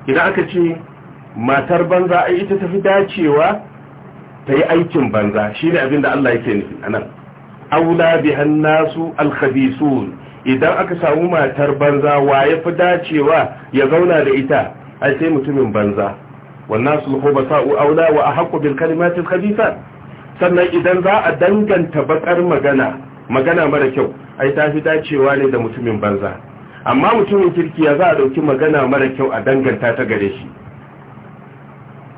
Speaker 2: idan aka ce matar banza ai ita tafi dacewa ta yi aikin banza shi ne abin da Allah yake nufi anan aula bihan nasu alkhabisun idan aka samu matar banza wa ya fi dacewa ya zauna da ita ai sai mutumin banza wannan sulhu ba sa'u aula wa ahqqu bil kalimatin khabisa sannan idan za a danganta bakar magana magana mara kyau ai ta fi dacewa ne da mutumin banza amma mutumin kirkiya za a ɗauki magana mara kyau a danganta ta gare shi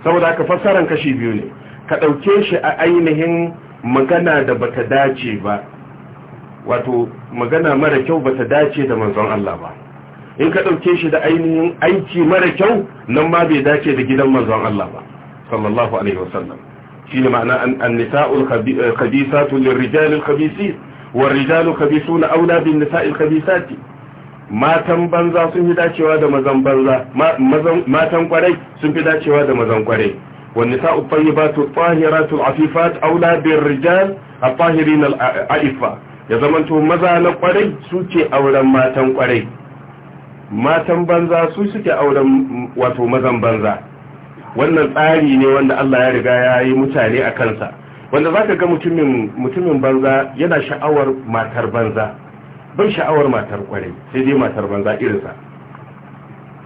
Speaker 2: saboda haka fassaran kashi biyu ne ka ɗauke shi a ainihin magana da bata dace ba wato magana mara kyau bata dace da manzon Allah ba in ka ɗauke shi da ainihin aiki mara kyau nan ma bai dace da gidan manzon Allah ba sallallahu alaihi wasallam shine ma'ana an-nisa'ul khabisatu lirrijali al-khabisin والرجال خبيثون أولى بالنساء الخبيثات matan banza sun fi dacewa da mazan banza matan kwarai sun fi dacewa da mazan kwarai والنساء Afifat, Aula, العفيفات أولى بالرجال الطاهرين a'ifa ya zamanto maza na kwarai su ke auren matan kwarai matan banza su suke auren wato mazan banza wannan tsari ne wanda Allah ya riga ya yi mutane a kansa wanda za ka ga mutumin banza yana sha'awar matar banza Ban sha'awar matar kwarai sai dai matar banza irinsa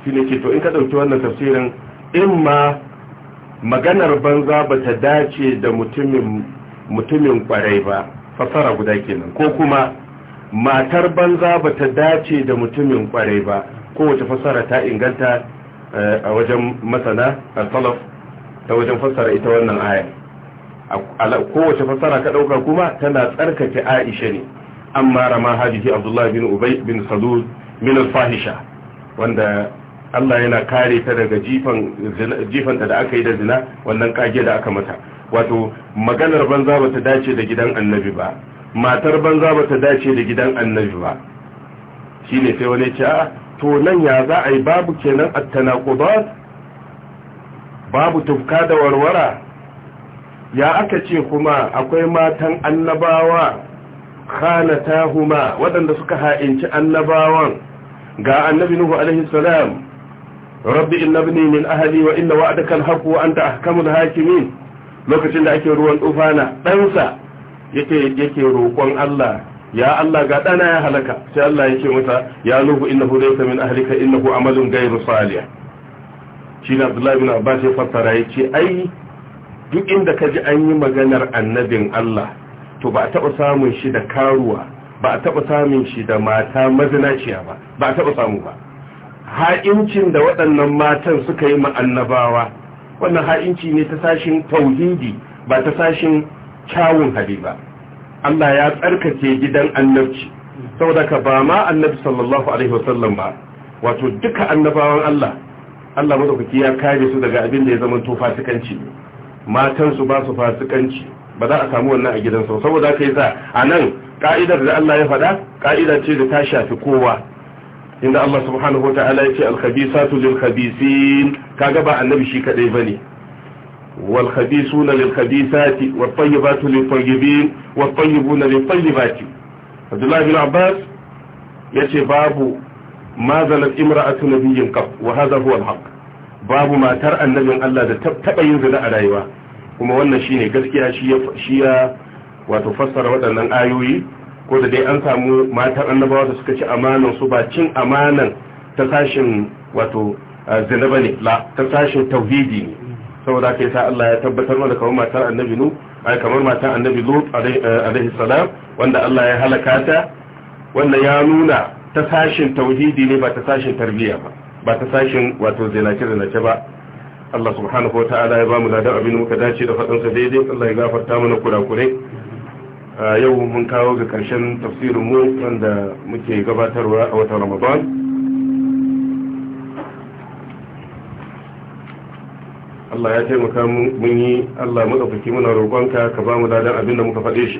Speaker 2: shi ne ce to in ka ɗauki wannan tafsirin in ma maganar banza ba ta dace da mutumin kwarai ba fasara guda kenan ko kuma matar banza ba ta dace da mutumin kwarai ba kowace fasara ta inganta eh, a wajen masana al-salaf ta wajen fassara ita wannan aya kowace fassara ka ɗauka kuma tana tsarkake aisha ne amma rama hadihi abdullahi bin ubay bin salul min al-fahisha wanda Allah yana kare ta daga jifan jifan da aka yi da zina wannan kage da aka mata wato maganar banza bata dace da gidan annabi ba matar banza bata dace da gidan annabi ba shine sai wani ce to nan ya za a yi babu kenan at-tanaqudat babu tufka da warwara ya aka ce kuma akwai matan annabawa khanatahuma waɗanda suka ha'inci annabawan ga annabi nuhu alaihi salam rabbi innabni min ahli wa inna wa'daka al-haqq wa anta ahkamul hakimin lokacin da ake ruwan tufana ɗansa yake yake roƙon Allah ya Allah ga ɗana ya halaka sai Allah yake masa ya nuhu innahu laysa min ahlika innahu amalun ghayru salih shi na Abdullahi bin Abbas ya fassara yace ai duk inda ji an yi maganar annabin Allah to ba a taɓa samun shi da karuwa ba a taɓa samun shi da mata mazinaciya ba ba a taɓa samu ba ha'incin da waɗannan matan suka yi ma'annabawa wannan ha'inci ne ta sashin tauhidi ba ta sashin kyawun hali ba Allah ya tsarkake gidan annabci saboda ka ba ma annabi sallallahu alaihi wasallam ba wato duka annabawan Allah Allah madaukaki ya kare su daga abin da ya zama to fasikanci matan su ba su fasikanci ba za a samu wannan a gidansa ba saboda yi sa a nan ka'idar da Allah ya faɗa ka'ida ce da ta shafi kowa inda Allah subhanahu wataala ya ce al-khabisatu lil-khabisin kaga ba annabi shi kadai bane wal khabisuna lil-khabisati wat-tayyibatu lit-tayyibin wat-tayyibuna lit-tayyibati Abdullah bin Abbas yace babu ma zalat imra'atu nabiyyin qab wa hadha huwa al haq babu matar annabin Allah da taba yin zina a rayuwa kuma wannan shi ne gaskiya shi ya wato fassara waɗannan ayoyi ko da dai an samu matan annabawa da suka ci amanan su ba cin amanan ta sashin wato zina ne la ta sashin tauhidi ne saboda ka sa Allah ya tabbatar mana kamar matar annabi nu ai kamar matar annabi lut alaihi salam wanda Allah ya halaka ta wanda ya nuna ta sashin tauhidi ne ba ta sashin tarbiyya ba ba ta sashin wato zinace zinace ba Allah subhanahu wa ta'ala ya bamu ladan abin muka dace da faɗansa daidai Allah ya gafarta mana kurakurai yau mun kawo ga karshen tafsirin mu wanda muke gabatarwa a watan Ramadan Allah ya taimaka mun yi Allah mu dauki muna roƙonka ka bamu ladan abin da muka faɗe shi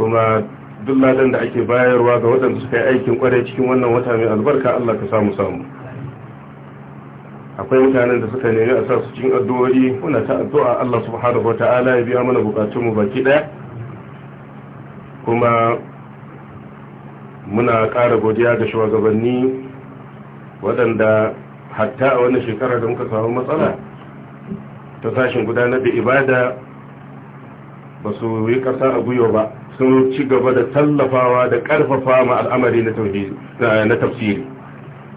Speaker 2: kuma duk ladan da ake bayarwa ga waɗanda suka yi aikin kwarai cikin wannan wata mai albarka Allah ka samu samu akwai mutanen da suka nemi a sa su cikin addu'o'i muna ta addu'a Allah subhanahu wata'ala ya biya mana bukatun mu baki daya kuma muna ƙara godiya ga shugabanni waɗanda hatta a wannan shekarar da muka samu matsala ta sashin gudanar da ibada ba su yi ƙasa a gwiwa ba sun ci gaba da tallafawa da ƙarfafa ma al'amari na tafsiri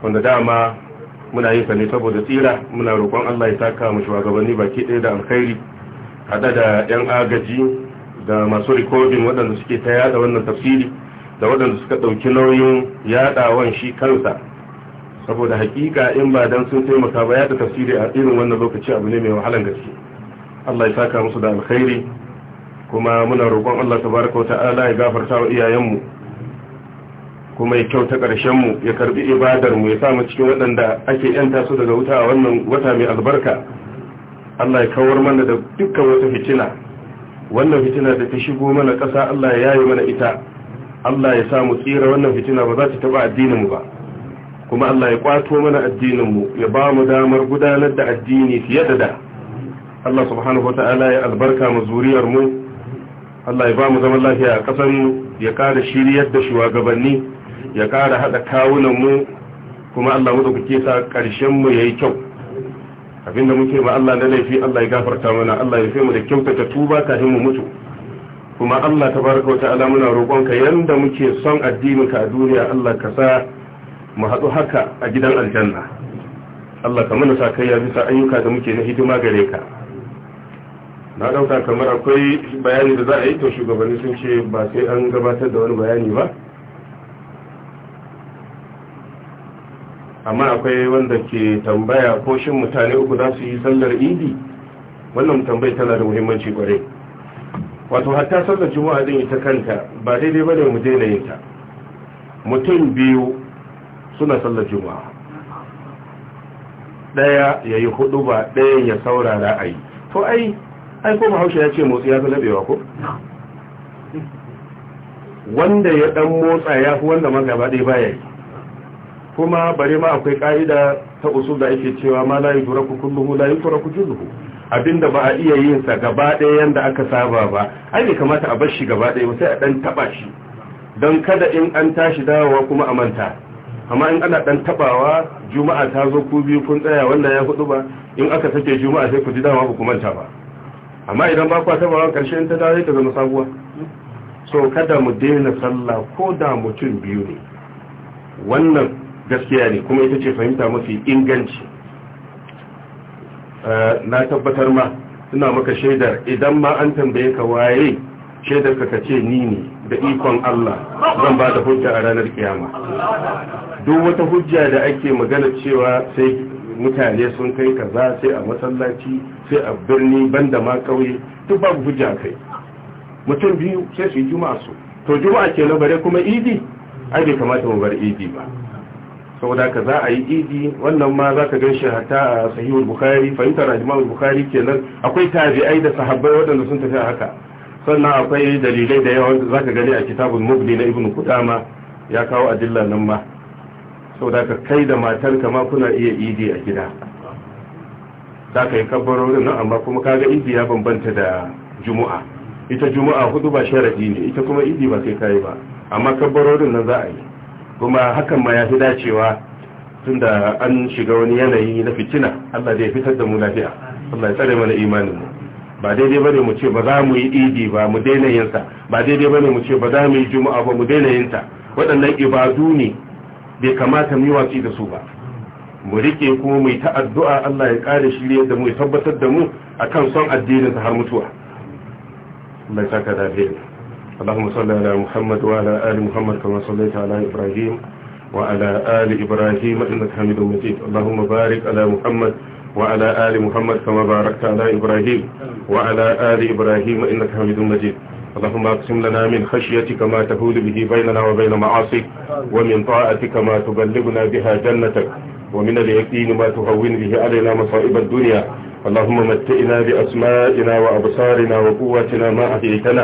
Speaker 2: wanda dama muna yin sa ne saboda tsira muna roƙon Allah ya taka mu shugabanni baki ɗaya da alkhairi hada da yan agaji da masu rikodin waɗanda suke ta yada wannan tafsiri da waɗanda suka ɗauki nauyin yaɗawan shi kansa saboda haƙiƙa in ba dan sun taimaka ba yada tafsiri a irin wannan lokaci abu ne mai wahalan gaske Allah ya saka musu da alkhairi kuma muna roƙon Allah tabaraka wa ta'ala ya gafarta wa iyayenmu kuma ya kyauta ƙarshen mu ya karbi ibadar mu ya sa mu cikin waɗanda ake yanta su daga wuta a wannan wata mai albarka Allah ya kawar mana da dukkan wata fitina wannan fitina da ta shigo mana ƙasa Allah ya yaye mana ita Allah ya sa mu tsira wannan fitina ba za ta taba addinin mu ba kuma Allah ya kwato mana addinin mu ya ba mu damar gudanar da addini fiye da da Allah subhanahu wata'ala ya albarka mu zuriyar mu Allah ya ba mu zaman lafiya a ƙasar mu ya ƙara shiryar da shugabanni ya ƙara haɗa kawunan mu kuma Allah mu ɗauki sa ƙarshen mu yayi kyau abinda muke ma Allah na laifi Allah ya gafarta mana Allah ya fi mu da kyautata tuba kafin mu mutu kuma Allah baraka wata ala muna roƙonka yanda muke son addinin ka a duniya Allah ka sa mu haɗu haka a gidan aljanna Allah ka mana sa kai ya bisa ayyuka da muke na hidima gare ka na ɗauka kamar akwai bayani da za a yi to shugabanni sun ce ba sai an gabatar da wani bayani ba amma akwai wanda ke tambaya ko shin mutane uku za su yi sallar idi wannan tambayi tana da muhimmanci kware wato hatta sallar juma'a din ita kanta ba daidai bane mu daina yin ta mutum biyu suna sallar juma'a daya yayi hudu ba dayan ya saurara ayi to ai ai ko bahaushe ya ce motsi ya fi labewa ko wanda ya dan motsa ya fi wanda magaba gaba ɗaya baya yi kuma bare ma akwai ka'ida ta usul da ake cewa ma la ku kulluhu la ku juzhu abinda ba a iya yin sa gaba ɗaya yanda aka saba ba ai bai kamata a bar shi gaba ɗaya ba sai a dan taba shi don kada in an tashi dawowa kuma a manta amma in ana dan tabawa juma'a ta zo ku biyu kun tsaya wannan ya hudu ba in aka sake juma'a sai ku ji dawowa ku manta ba amma idan ba ku tabawa karshe in ta dawo sai ta zama sabuwa so kada mu daina sallah ko da mutum biyu ne wannan gaskiya ne kuma ita ce fahimta mafi inganci eh, na tabbatar ma suna maka shaidar idan ma an tambaye ka waye shaidar ka kace ni ne da ikon Allah zan ba da hujja a ranar kiyama duk wata hujja da ake magana cewa sai mutane sun kai kaza sai a masallaci sai a birni banda ma kauye duk babu hujja kai mutum biyu sai su yi juma'a su to juma'a ke na bare kuma idi ai bai kamata mu bar idi ba saboda ka za a yi idi wannan ma za ka gan shi hatta a sahihul bukhari fahimtar ajmal bukhari kenan akwai tabi'ai da sahabbai waɗanda sun tafi haka sannan akwai dalilai da yawa za ka gani a kitabun mubni na ibn kudama ya kawo adillan nan ma saboda ka kai da matarka ma kuna iya idi a gida za ka yi kabbarorin nan amma kuma kaga idi ya bambanta da juma'a ita juma'a hudu ba sharadi ne ita kuma idi ba sai kai ba amma kabarorin nan za a yi kuma hakan ma ya fi dacewa tunda an shiga wani yanayi na fitina Allah zai fitar da mu lafiya Allah ya tsare mana imanin mu ba daidai bane mu ce ba za mu yi idi ba mu daina yin ba daidai bane mu ce ba za mu yi juma'a ba mu daina yinta. waɗannan ibadu ne bai kamata mu yi watsi da su ba mu rike kuma mu yi ta addu'a Allah ya kare shirye da mu ya tabbatar da mu akan son addinin sa har mutuwa Allah ya saka da اللهم صل على محمد وعلى آل محمد كما صليت على إبراهيم وعلى آل إبراهيم إنك حميد مجيد اللهم بارك على محمد وعلى آل محمد كما باركت على إبراهيم وعلى آل إبراهيم إنك حميد مجيد اللهم اقسم لنا من خشيتك ما تهول به بيننا وبين معاصيك ومن طاعتك ما تبلغنا بها جنتك ومن اليقين ما تهون به علينا مصائب الدنيا اللهم متئنا بأسمائنا وأبصارنا وقوتنا ما أهيتنا